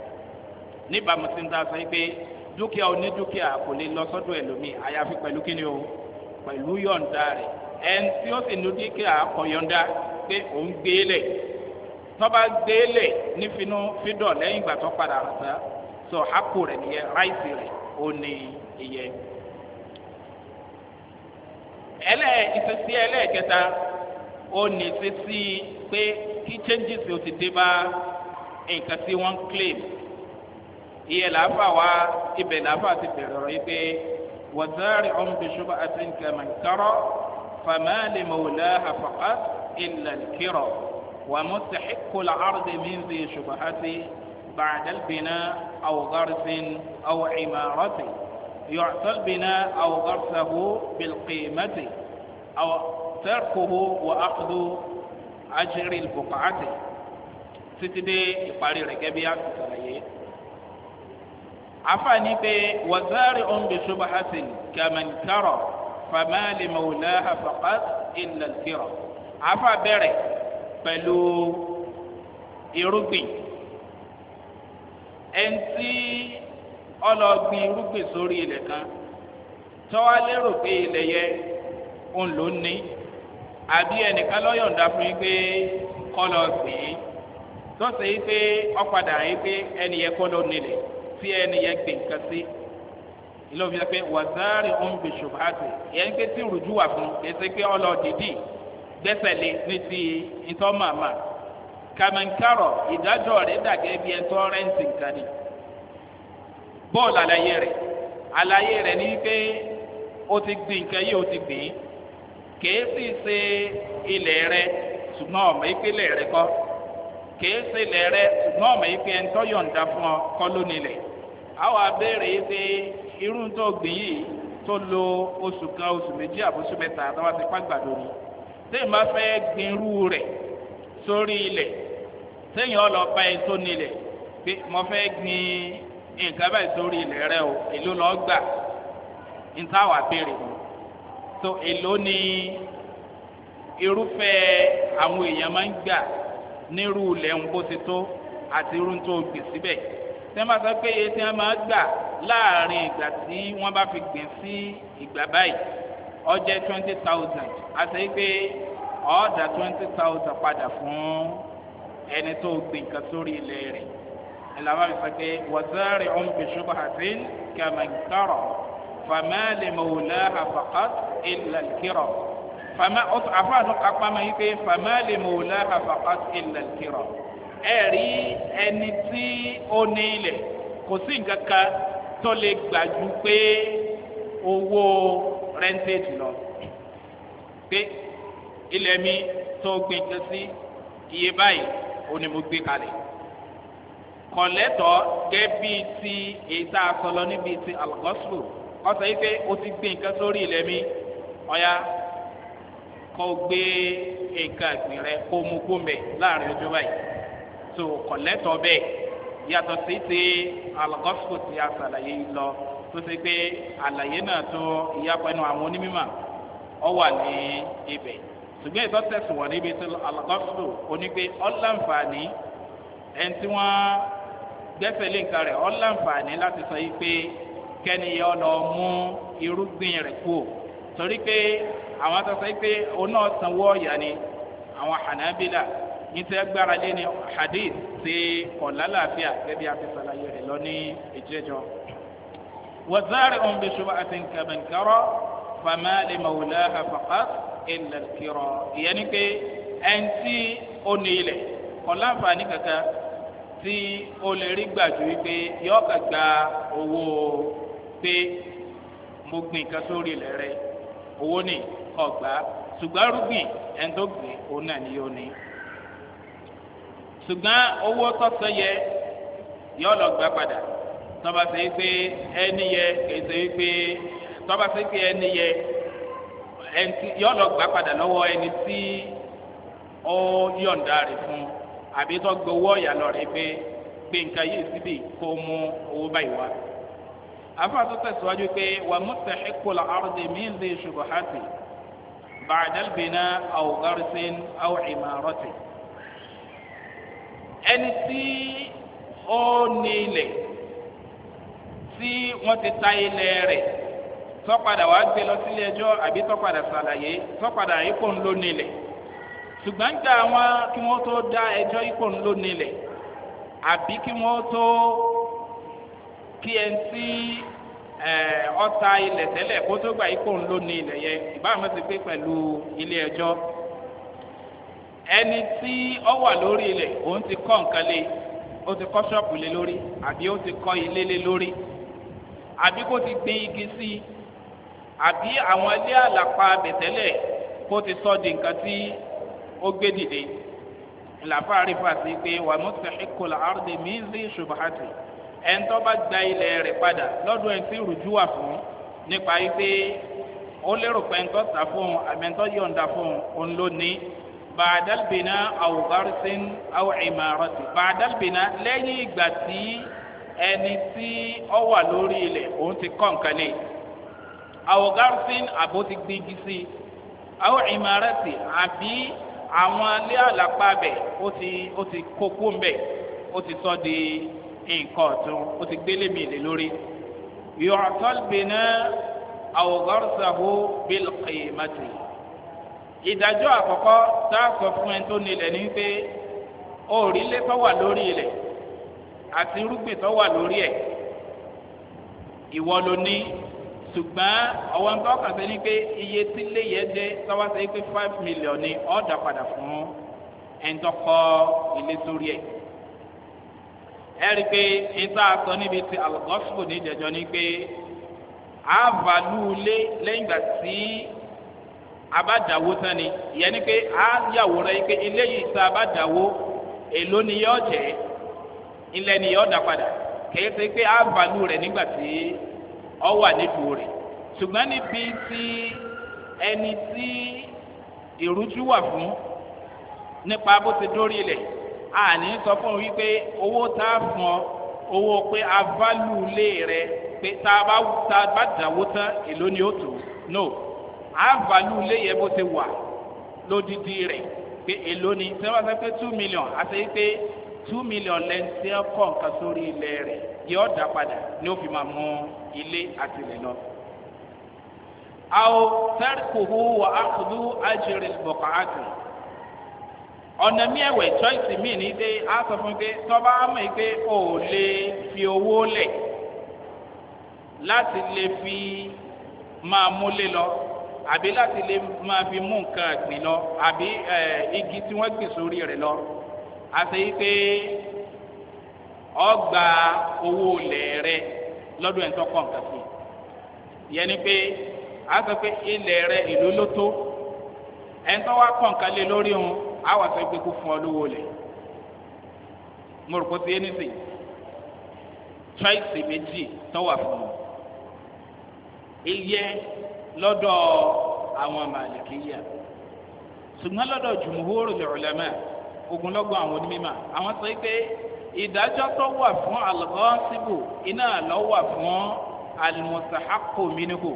níbàámu sí ń ta sọ pé dúkìá onídúkìá kò lè lọ sọ́dọ̀ ẹlòmíì àyàfi pẹ̀lú kíni o pẹ̀lú yọ̀ǹda rẹ̀ ẹn tí ó sì nudúkìá kọ̀ yọ̀ǹda pé òun gbélé e tọ́ba gbélé e nífinú fídọ̀ lẹ́yìn ìgbà tó padà sá sọ àpò rẹ̀ nìyẹn ráìsì rẹ̀ ó ní ìyẹn ẹlẹ́ ìfẹsí ẹlẹ́ẹ̀kẹta ó ní sísí pé kí changes ó ti dé bá nǹkan tí wọ́n ń claim pé làáfà wa ibẹ̀ làáfà ti bẹ̀rẹ̀ ọ̀rọ̀ yìí pé wàzáàrì ọ̀nbẹ̀ṣọ́bà àti nkàmẹ̀kárọ̀ fàmáàlì mọ̀wùlá àfọ̀kà ilẹ̀ kírọ̀ wà mú tẹ̀xíkùlà àrùdè mìíràn ṣùgbọ́n àti bàdàl bìnnà àwògárìsìn àwò ìmàrọ̀tì yọ̀ọ̀tàl bìnnà àwògárìsàhù bìlqìmẹ̀tì àwò. tẹ́kùhù wà ákùdù ajiri bùkàtì títí dé ìparí rẹ̀ gẹ́bí àtúntàlàyé. afaani pé wazari ombi subahasin kamankaro famali mawulaha faqat illa kiro afa bẹ̀rẹ̀ pẹ̀lú irúgbìn ẹntì ọlọ́gbìn irúgbìn sórí ilẹ̀ kan tọ́wá pé ilẹ̀ yẹ ń lò ní àbí ẹnìkan lọ́yọ̀ǹda fún yín pé kọ́ lọ sí i tọ́sẹ̀ yìí pé ọ̀padà yìí pé ẹnì yẹn kọ́ ló nílẹ̀ tí ẹnì yẹn gbé nǹkan sí ilé òfin pé wàzáàrì ń bè ṣùgbọ́n yẹn pé tí rùjú wà fún yẹn sẹ́ pé ọlọ́ dìdì gbẹ́sẹ̀ ní ti ìtọ́màmà kàmínkàrọ̀ ìdájọ́ rẹ̀ dàgẹ́ bí ẹ̀tọ́ rẹ́ǹtì nǹkan ni bọ́ọ̀lù àlàyé rẹ̀ àlàyé rẹ̀ ní pé ó ti gbìn nǹkan yìí ó ti gbìn yìí kèé sì ṣe ilẹ̀ rẹ ṣùgbọ́n ọmọ ìpínlẹ̀ rẹ kọ́ kèé ṣe ilẹ̀ rẹ ṣùgbọ́n ọmọ ìpín ẹni tó yọ̀ǹda fún ọ kọ́ lónìí lẹ̀ àwọn abéèrè yìí ṣe irú tó gbìn yìí tó lo oṣù kan oṣù méjì àbóṣù mẹ́ta tó wá ti pàgbàdo ni téèyàn bá fẹ́ gbin irú rẹ̀ sórí ilẹ̀ téèyàn lọ bá ẹni tó nílẹ̀ pé mo fẹ́ gbin nǹkan báyìí sórí ilẹ̀ rẹ o èló lọ́ọ́ gbà ń táwà so èló ni irúfẹ́ àwọn èèyàn máa ń gbà nírú ilẹ̀ ń bó ti tó àti irú tó gbè síbẹ̀ tẹ́ bá sọ pé iye tí wọ́n máa gbà láàrin ìgbà tí wọ́n bá fi gbìn sí ìgbà báyìí ọjẹ́ twenty thousand àti pé ọ̀ọ́dà twenty thousand padà fún ẹni tó gbìn kan sórí ilẹ̀ rẹ̀ ẹ̀ làwọn fi pé wọ́n sáré ọ̀hún fi ṣubú àti kàmẹ́ńtọ́rọ̀ fama lè mọ̀wòlá àfàkàt ilà kírọ̀ fama àfa àtọ́ kápá máa yí pé fama lè mọ̀wòlá àfàkàt ilà kírọ̀ ẹ̀rí ẹni tí ó ní ilẹ̀ kò sí nǹkan kan tó lè gbàjú pé owó rẹ́ńtéètì lọ pé ilẹ̀ mi tó gbé nǹkan sí iye báyìí ó ní mo gbé kalẹ̀ kọ̀lẹ́tọ̀ gẹ́bí ti èyí tá a sọ lọ níbi ti algoslo ọsọ yìí pé o ti gbé nǹkan sórí ilẹ̀ mi ọ̀ya kọ́ gbé nǹkan ìgbìn rẹ kó mu kó mbẹ láàrin ojú báyìí tó kọ̀lẹ́tọ̀ bẹ́ẹ̀ yàtọ̀ sí ti alagọ́sùkò tí a sàlàyé lọ tó ṣe pé àlàyé náà tó ìyapẹ́nu àwọn onímọ̀ ọ wà ní ibẹ̀ ṣùgbọ́n ìtọ́ tẹ̀sùn wọ̀ níbi tí alagọ́sùkò onígbé ọ̀làǹfààní ẹni tí wọ́n gbẹ́sẹ̀ lé nǹkan rẹ̀ ọ̀làǹfààní láti sọ yìí pé kẹ́niyẹ ọ lọ mú irúgbìn rẹ̀ kú torí pé àwọn sọsọ yìí pé òun náà sanwó ọ̀yà ni àwọn hànábìlà nítorí gbára lé ní hadith ṣe ọ̀làlàáfíà gẹ́gẹ́ àti sàlàyé rẹ̀ lọ ní ìjẹ́jọ́. wàzáàrì ọ̀hún bí ṣubú àti nkàbẹ̀nkárọ̀ fàmà lè màwùlá àfàkà ilẹ̀ kírọ̀ ìyẹn ni pé ẹn tí ó ní ilẹ̀ ọ̀làǹfààní kankan tí ó lè rí gbàjú wípé yọ̀ọ́ kàgbà owó pé mo gbìn nǹkan sórí ilẹ̀ rẹ owó ni ọgbà ṣùgbọ́n arúgbìn ẹni òun náà ni yóò ní. ṣùgbọ́n owó tọ́sọ yẹ yọ lọ gbà padà tọ́ba ṣe pé ẹni yẹ kèsè pé tọ́ba ṣe pé ẹni yẹ yọ lọ gbà padà lọ́wọ́ ẹni tí ó yọ̀ǹda rẹ̀ fún àbí tó gbowó ọ̀yà lọ rẹ̀ pé pé yìí síbi kó mú owó báyìí wá afáàtò tẹ̀síwájú pé wà mùtàḥíkùl àrùdì min dhi ṣubuhati bàdàlbìnà àwùgárísìn àwùcìmárọ̀tì. ẹni tí ó ní ilẹ̀ tí wọ́n ti ta ilẹ̀ rẹ̀ tọ́padà wàá gbé lọ sílé ẹjọ́ àbí tọ́padà sàlàyé tọ́padà ipò ńlọ nílẹ̀ ṣùgbọ́n gba àwọn kí wọ́n tó dá ẹjọ́ ipò ńlọ nílẹ̀ àbí kí wọ́n tó kí ẹ ń ọta eh, ilẹ̀ tẹ́lẹ̀ kó tó gbà ikú ńlọ ní ilẹ̀ yẹn ìbámu ti pé pẹ̀lú ilé ẹjọ́ ẹni tí ọ wà lórí ilẹ̀ òun ti kọ́ nǹkan lé o ti kọ́ ṣọ́ọ̀pù lé lórí àbí ó ti kọ́ ilé lé lórí àbí kó ti gbin igi sí i àbí àwọn ilé àlàpà bẹ̀tẹ́lẹ̀ kó ti sọ di nǹkan tí ó gbé dìde làbá àrífà sí pé wàmúsẹ̀ ẹ̀kọ́ làárọ̀ dè mí rí ṣùgbọ́n àti ẹ̀ńtọ́ bá gba ilẹ̀ rẹ̀ padà lọ́dún ẹ̀ tí rùjú wà fún nípa wípé ó lérò pé ẹ̀ńtọ́ tà fún un àmẹ́ńtọ́ yọ̀ǹda fún un òun ló ní bàdàlbìnà àwòbárísìn àwòrìmàrọ̀tì bàdàlbìnà lẹ́yìn ìgbà tí ẹni tí ọ wà lórí ilẹ̀ òun ti kọ́ nǹkan lè àwòbárísìn àbó ti gbégi sí àwòrìmàrọ̀tì àbí àwọn alẹ́ àlàpàbẹ̀ ó ti kókó mbẹ̀ ó ti sọ di nǹkan ọ̀tún ó ti gbélé mi lè lórí. yọ̀ọ̀tọ́l bìnnà àwògọ́rùsàwò bíl kìmàtì. ìdájọ́ àkọ́kọ́ tá a sọ fún ẹ tó nílẹ̀ ní pé òrìlé tó wà lórí ilẹ̀ àti irúgbìn tó wà lórí ẹ̀ ìwọ ló ní ṣùgbọ́n ọwọ́ ń bá sí ni pé iye tí lè yẹ dé sáwá pé five million ni ọ̀ọ́dà padà fún ẹ̀ńtọ́kọ́ ilé sórí ẹ̀ ẹ̀rí pé ìta àtọ́ níbi ti alugọ́sùpù ní ni pé a bàlú lé lẹ́yìn ìgbà tí a bá tán ni ìyẹn ni pé a yàwó rẹ̀ pé ilé yìí tá a èló ni yọ jẹ́ ilẹ̀ ni yọ dà padà kìí ṣe pé a bàlú rẹ̀ nígbà tí ọ wà nípò rẹ̀ ṣùgbọ́n níbi tí ẹni tí ìrújú wà fún nípa bó ti dórí ilẹ̀ yìí àní sọ fún wípé owó tá a fún ọ owó pé a válù lé rẹ pé tá a bá tá a bá dàwó tán èló ni ó tó no a válù lé yẹ bó ti wà lódìdí rẹ pé èló ni tí wọ́n sọ pé two million àti pé two million lẹ́ńtì ọkọ̀ nǹkan sórí ilẹ̀ rẹ̀ yóò dá padà ní ó fi máa mú ilé àtìlẹ̀ lọ. àwọn tẹ́rìkù hu wà àjẹrè bọ̀kọ̀ àtìlẹ̀ ọ̀nà mi ẹ̀wẹ̀ choice mi ní dé á sọ fún pé tọ́ba á mọ̀ pé o ò lè fi owó lẹ̀ láti lè fi máa múlé lọ àbí láti lè máa fi mú nǹkan àgbìn lọ àbí igi tí wọ́n gbìn sórí rẹ̀ lọ àti pé ọgbà owó lẹ̀ rẹ lọ́dún ẹ̀ńtọ́ kọ̀ọ̀kan sí yẹn ni pé a sọ pé ilẹ̀ rẹ ìlú ló tó ẹ̀ńtọ́ wa kọ̀ọ̀kan lé lórí òun àwọn sọ pé kó fún ọ lówó lẹ̀ mo rò pé ti ẹnìsìn tíráìsì méjì tán wà fún mi iye lọ́dọ̀ àwọn màlìkíyà ṣùgbọ́n lọ́dọ̀ jùmùhóró lè ọ̀lẹ́mẹ̀ ogunlọ́gbọ̀n àwọn onímọ̀ àwọn sọ pé ìdájọ́ tó wà fún alùpàṣíbù iná lọ́ wà fún alùmọ̀sáhákò mínúkù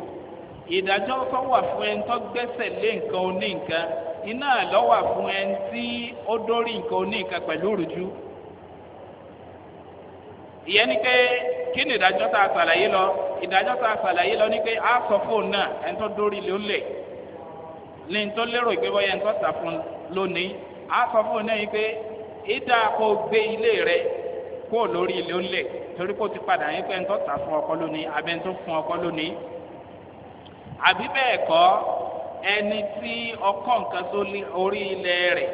ìdájọ́ tó wà fún ẹni tó gbẹ́sẹ̀ lé nǹkan oní nǹkan iná lọ́wà fún ẹni tí ó dórí nǹkan oníkan pẹ̀lú rújú ìyẹn ni pé kí ni ìdájọ́ tá a ṣàlàyé lọ ìdájọ́ tá a lọ ni pé a sọ fóònù náà ẹni tó dórí ló lẹ̀ ní tó lérò ìgbébọ̀ yẹn tó tà fún lónìí a sọ fóònù náà yìí pé ìdá kó gbé ilé rẹ kó lórí ilé lẹ̀ torí kó ti padà yín pé ẹni tó tà fún ọkọ lónìí abẹ́ni tó fún ọkọ lónìí àbí bẹ́ẹ̀ kọ́ ẹni tí ọkọ nǹkan tó orí ilẹ̀ rẹ̀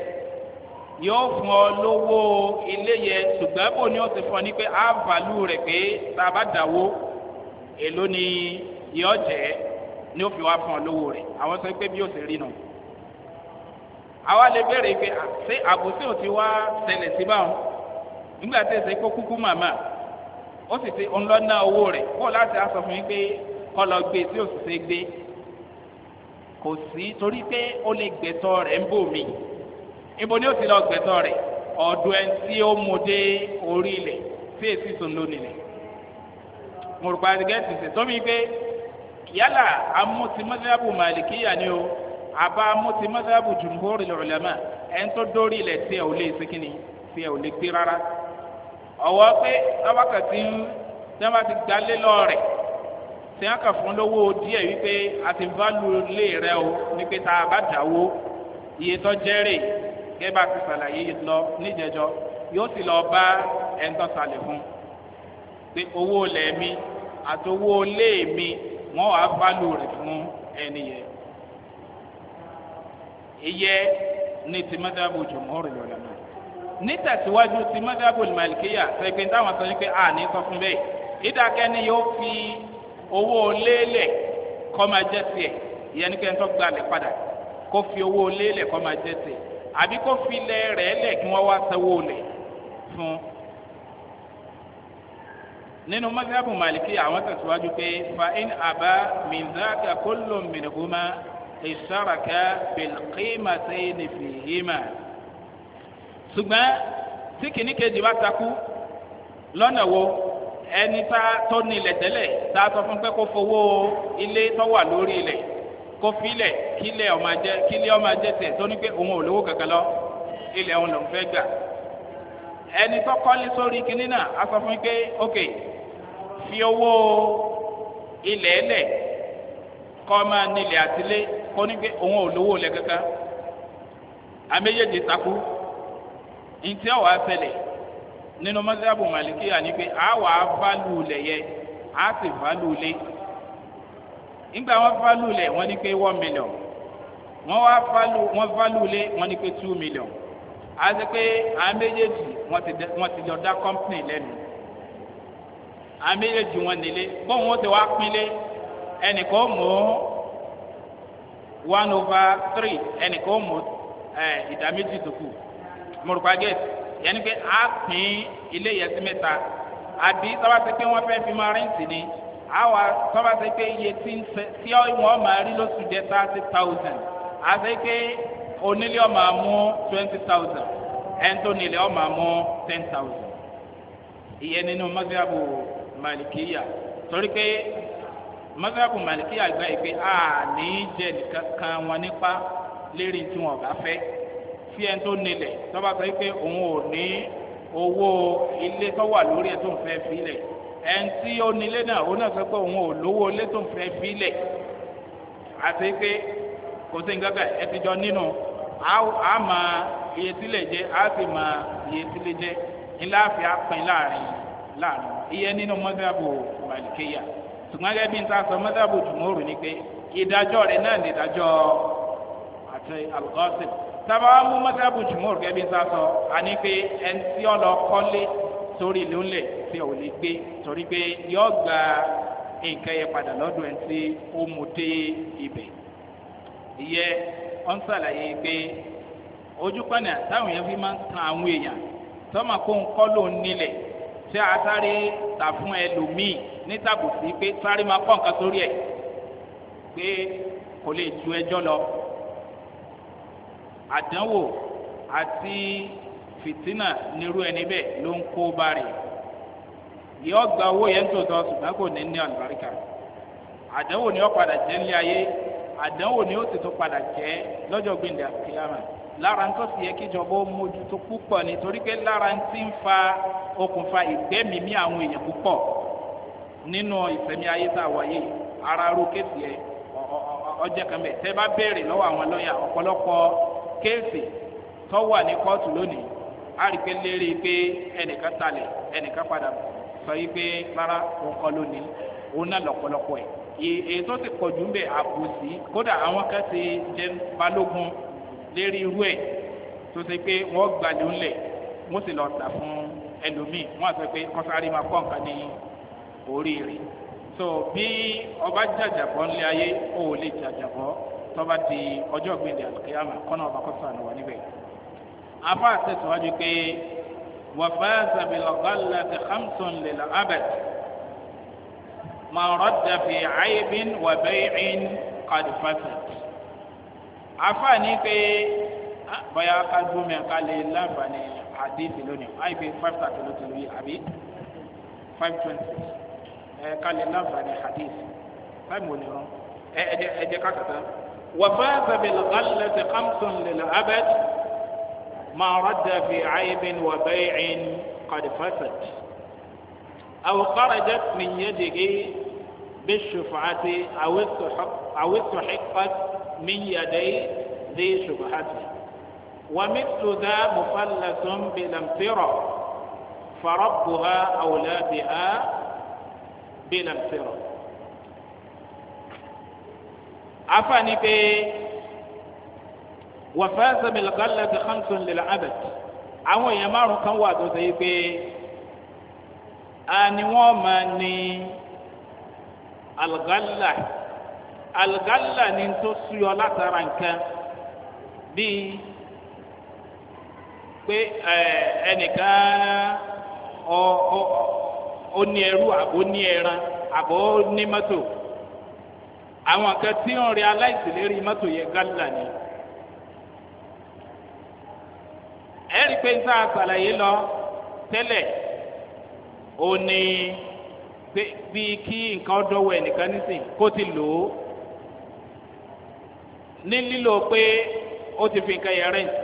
yóò fún ọ lówó ilé yẹn ṣùgbọ́n bò ní o ti fún ọ ní pé á bàálù rẹ̀ pé tá a bá dàwó èló ni yóò jẹ́ ni ó fi fún ọ lówó rẹ̀ àwọn sọ pé bí o ti rí nù. àwa lè bẹ̀rẹ̀ pé ṣé àbòsí ò ti wá ṣẹlẹ̀ sí báwọn nígbà tí èsè kó kúkú màmá ó sì ti ń lọ ná owó rẹ̀ kó láti aṣọ fún yín pé kọ́ lọ gbé e tí ò sì ṣe gbé. E kò sí torí pé ó lè gbẹ̀tọ́ rẹ̀ ń bò mí ibo ni ó ti lọ gbẹ̀tọ́ rẹ̀ ọ̀dọ̀ ẹ̀ tí ó mu dé orí ilẹ̀ tí èsì sùn lónìí lẹ̀ mo rò pa gẹ́tì sí tómi pé yálà amútimọ́sáàbù màlìkíyà ni o àbá amútimọ́sáàbù jùmùhórì lọ́rọ̀lẹ́mà ẹ̀ ń tó dórí ilẹ̀ tí ẹ̀ ò lè ṣe kíni tí ẹ̀ ò lè gbé rárá ọ̀wọ́ pé tábàkà ń tábà gbalé lọ́ọ̀rẹ̀ tẹ̀yàn kà fún lówó díẹ̀ wípé àti válù lé rẹ o ní pé tá a bá dáwó iye tó jẹ́rè gẹ́gẹ́ bá ti sàlàyé lọ níjẹjọ yóò sì lọ bá ẹ̀ńtọ́ sàlẹ̀ fún pé owó lẹ̀ mi àti owó lé mi wọ́n wàá válù rẹ̀ fún ẹni yẹn. iye ní ti mọ́tàbù jùmọ́ rẹ̀ lọ́la náà nítẹ̀síwájú ti mọ́tàbù sọ ní pé a ní sọ fún bẹ́ẹ̀ ìdákẹ́ni yóò fi owó léèlẹ̀ kọ́ máa jẹ́ tiẹ̀ ìyẹn ní kẹ́ńtọ́ gbalẹ̀ padà kó fi owó léèlẹ̀ kọ́ máa jẹ́ tiẹ̀ àbí kó fi lẹ̀ rẹ̀ lẹ̀ kí wọ́n wá sanwó lẹ̀ fún. nínú mọ́sáàbù màlìkì àwọn tẹ̀síwájú pé fa in àbá mìzáàkà kóló mìnìkúmá ìsáraka bìlkìmà sẹ́yìn nìfìhìmà. ṣùgbọ́n tí kìnnìkejì bá takú lọ́nà wo. ẹni tá tó ní ilẹ̀ tẹ́lẹ̀ tá a sọ fún pé kó fowó ilé tó wà lórí ilẹ̀ kó fi ilẹ̀ ọmọ ajẹ́ kí ọmọ ajẹ́ tẹ̀ fi owó ilẹ̀ ẹlẹ̀ kọ́ máa nílẹ̀ àtìlé kó ní pé òun ò lówó ilẹ̀ kankan nínú mọ́sáàbù màlìkíyà ni pé a wà á fálù lẹ̀ yẹ a sì fálù lé nígbà wọn fálù lẹ̀ wọ́n ní pé one million wọ́n wá fálù wọ́n fálù lé wọ́n ní pé two million a ti pé àwọn méjèèjì wọ́n ti lọ dá company lẹ́nu àwọn méjèèjì wọn nílé bóun ó ti wá pínlé ẹnìkan mú one over three ẹnìkan mú ìdá méjì tó kù mọ̀rùpá gẹ̀ẹ́sì yẹn ni pé a pín ilé yẹn sí mẹ́ta àbí tọ́ba ṣe pé wọ́n fẹ́ fi máa rẹ́ǹtì ni àwa tọ́ba ṣe pé iye tí ń sẹ tí wọ́n máa rí lóṣù jẹ́ thirty thousand àti pé onílé ọmọ àmú twenty thousand ẹ̀ńtónilé ọmọ àmú ten thousand ìyẹn nínú mọ́sáàbù màlìkíyà torí pé mọ́sáàbù màlìkíyà gba ìpè àní jẹ́ nìkan kan wọn nípa lérí tí wọn bá fẹ́ fi ẹni tó nílẹ̀ tọ́ba sọ pé òun ò ní owó ilé tó wà lórí ẹ̀ tó ń fẹ́ fi lẹ̀ ẹni tí ó nílé náà òun náà sọ pé òun ò lówó ilé tó ń fẹ́ fi lẹ̀ àti pé kò sí nǹkan kan ẹ ti jọ nínú a máa iye sílẹ̀ jẹ́ a sì máa iye sílẹ̀ jẹ́ ńlá fi láàrin láàrin iye nínú mọ́tàbù màlìkéyà ṣùgbọ́n gẹ́gẹ́ bí n ta sọ mọ́tàbù tùmọ̀rù ni pé ìdájọ́ rẹ̀ náà ní ìdájọ́ àti alukọ́sìtì sábà wà mú mọ́sálábù jùmọ̀ rẹ̀ bí sá sọ àní pé ẹni tí ọ lọ kọ́lé sórí lónlẹ̀ tí ò lè gbé torí pé yọ gba nǹkan yẹn padà lọ́dọ̀ ẹni tí ó mú dé ibẹ̀ ìyẹ ọ̀n sàlàyé pé ojúkọ̀nà táwọn èèyàn fi máa ń tan àwọn èèyàn tọ́mà kó ń kọ́ ló ń nílẹ̀ tí a sáré tà fún ẹlòmíì ní tàbùsí pé sáré máa pọ̀ nǹkan sórí ẹ̀ pé kò lè ju ẹjọ́ lọ àdánwò àti fìtínà nírú ẹni bẹ́ẹ̀ ló ń kó bá rẹ̀ yọ gba owó yẹn tó tọ́ ṣùgbọ́n kò ní ní àlùbáríkà àdánwò ni ó padà jẹ́ nílé ayé àdánwò ni ó sì tún padà jẹ́ lọ́jọ́ gbìndà kìlámà lára ń tó sì yẹ kí ìjọba ó mójútó púpọ̀ nítorí pé lára ń ti ń fa okùnfà ìgbẹ́mìímí àwọn èèyàn púpọ̀ nínú ìsẹ̀mí ayé tá a wáyé ara ru kéèsì ẹ
ọjọ́ kan bẹ̀ tẹ́ bá béèrè lọ́wọ́ àwọn lọ́yà
ọ̀pọ̀lọpọ̀ kéèsì tó wà ní kóòtù lónìí a rí pé lérí pé ẹnìkan talẹ̀ ẹnìkan padà sọ yí pé rárá òun kọ́ lónìí òun náà lọ́pọ̀lọpọ̀ ẹ̀ èyí tó ti pọ̀ jù ń bẹ̀ àbòsí kódà àwọn kan ti jẹ́ balógun lérí irú ẹ̀ tó ṣe pé wọ́n gbalẹ̀ ńlẹ̀ wọ́n sì lọ tà fún ẹlòmíì wọ́n sọ pé kọ́sárì máa kọ́ nǹkan ní oríire so bí ọba jàjàbọ́ ńlẹ̀ ayé ó lè jàjàbọ́ tọ́ba ti ọjọ́ gbèdé àlùkìyàmà kọ́nà ọba kọ́sà ló wà níbẹ̀. afa àtẹ̀síwájú pé wàfà sàbìlọ̀gàlà ti hamsun lèlà abẹ́t màrọ́dà fi àyèbín wà bẹ́ẹ̀ẹ́n kàdífàṣẹ̀. afa ní pé ah, bóyá ká gbómi ká lè lónìí àyèbí five thirty ló àbí five twenty ẹ̀ ká lè láǹfààní àdéhìí five million ẹ̀ ẹ̀ jẹ́ ká kàtà. وفاز بالغلة خمس للأبد ما رد في عيب وبيع قد فسد أو خرجت من يده بالشفعة أو استحقت من يدي ذي شبهة ومثل ذا مفلس بالامترة فربها أولادها بلا بالامترة afa ni pé wàfẹ́ sẹ́mìlẹ́kálẹ̀ ti hamsun lila abed àwọn èèyàn márùn kan wà tó sẹ́yìn pé àní wọ́n máa ní algalla algalla ni tó suyọ látara nǹkan bíi pé ẹnìkan ọ ọ ọ ní ẹrú àbó ní ẹran àbó ní mọ́tò àwọn kan tí ń rí aláìsílérí mọ́tò yẹn gálà ni. ẹ rí i pé nígbà àṣàlàyé lọ tẹ́lẹ̀ ò ní bí kí nǹkan dọ́wọ́ ẹnìkan nísìn kó ti lò ó ní lílo pé ó ti fi nǹkan yẹn rẹ́ǹtì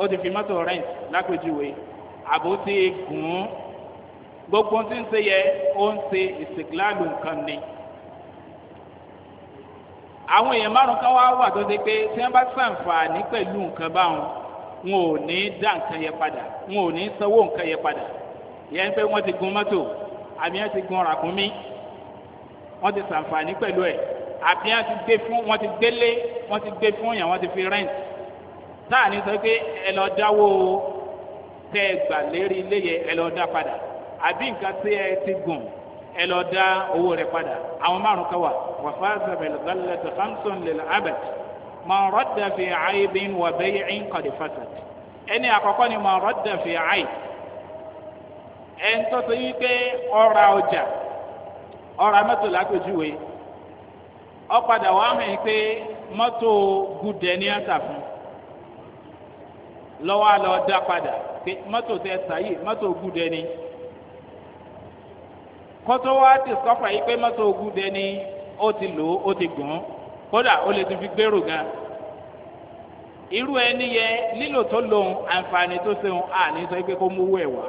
ó ti fi mọ́tò rẹ́ǹtì lápèjúwe àbó ti gùn ún gbogbo tí ń ṣe yẹ ó ń ṣe ìsìnkú láàlú nǹkan ni àwọn èèyàn márùn kan wá wà tó ṣe pé tí wọ́n bá ṣàǹfààní pẹ̀lú nǹkan báwọn wọn ò ní dá nǹkan yẹn padà wọn ò ní sanwó nǹkan yẹn padà yẹn pé wọ́n ti gun mọ́tò àbí wọ́n ti gun ràkúnmí wọ́n ti ṣàǹfààní pẹ̀lú ẹ̀ àbí wọ́n ti gbé fún wọ́n ti gbélé wọ́n ti gbé fún yàn wọ́n ti fi rent táà ní sọ pé ẹ lọ dáwó tẹ gbà lérí ilé yẹn ẹ lọ dá padà àbí nǹkan tí ẹ ti gùn ẹ lọ dá owó rẹ padà àwọn márùn kan wà wàfáàzà bẹlẹbẹlẹ tó samson lẹlẹ abẹt màá rọdà fi àyè bí wà bẹyẹ ẹyìn kọdí fasad ẹni àkọ́kọ́ ni màá rọdà fi àyè ẹ ń tọ́sọ yìí pé ọ̀rà ọjà ọ̀rà mọ́tò lápèjúwe ọ̀padà wàá hàn pé mọ́tò gùdẹ̀ ní àtà fún lọ́wọ́ àlọ́ dá padà mọ́tò tẹ sàyè mọ́tò gùdẹ̀ ni kótó wá ti sọ́fà yìí pé mọ́tò ogun dẹni ó ti lò ó ó ti gùn kódà ó lè tún fi gbèrò gan irú ẹni yẹn lílò tó lòun àǹfààní tó ṣeun àní sọ pé kó mówó ẹ̀ wá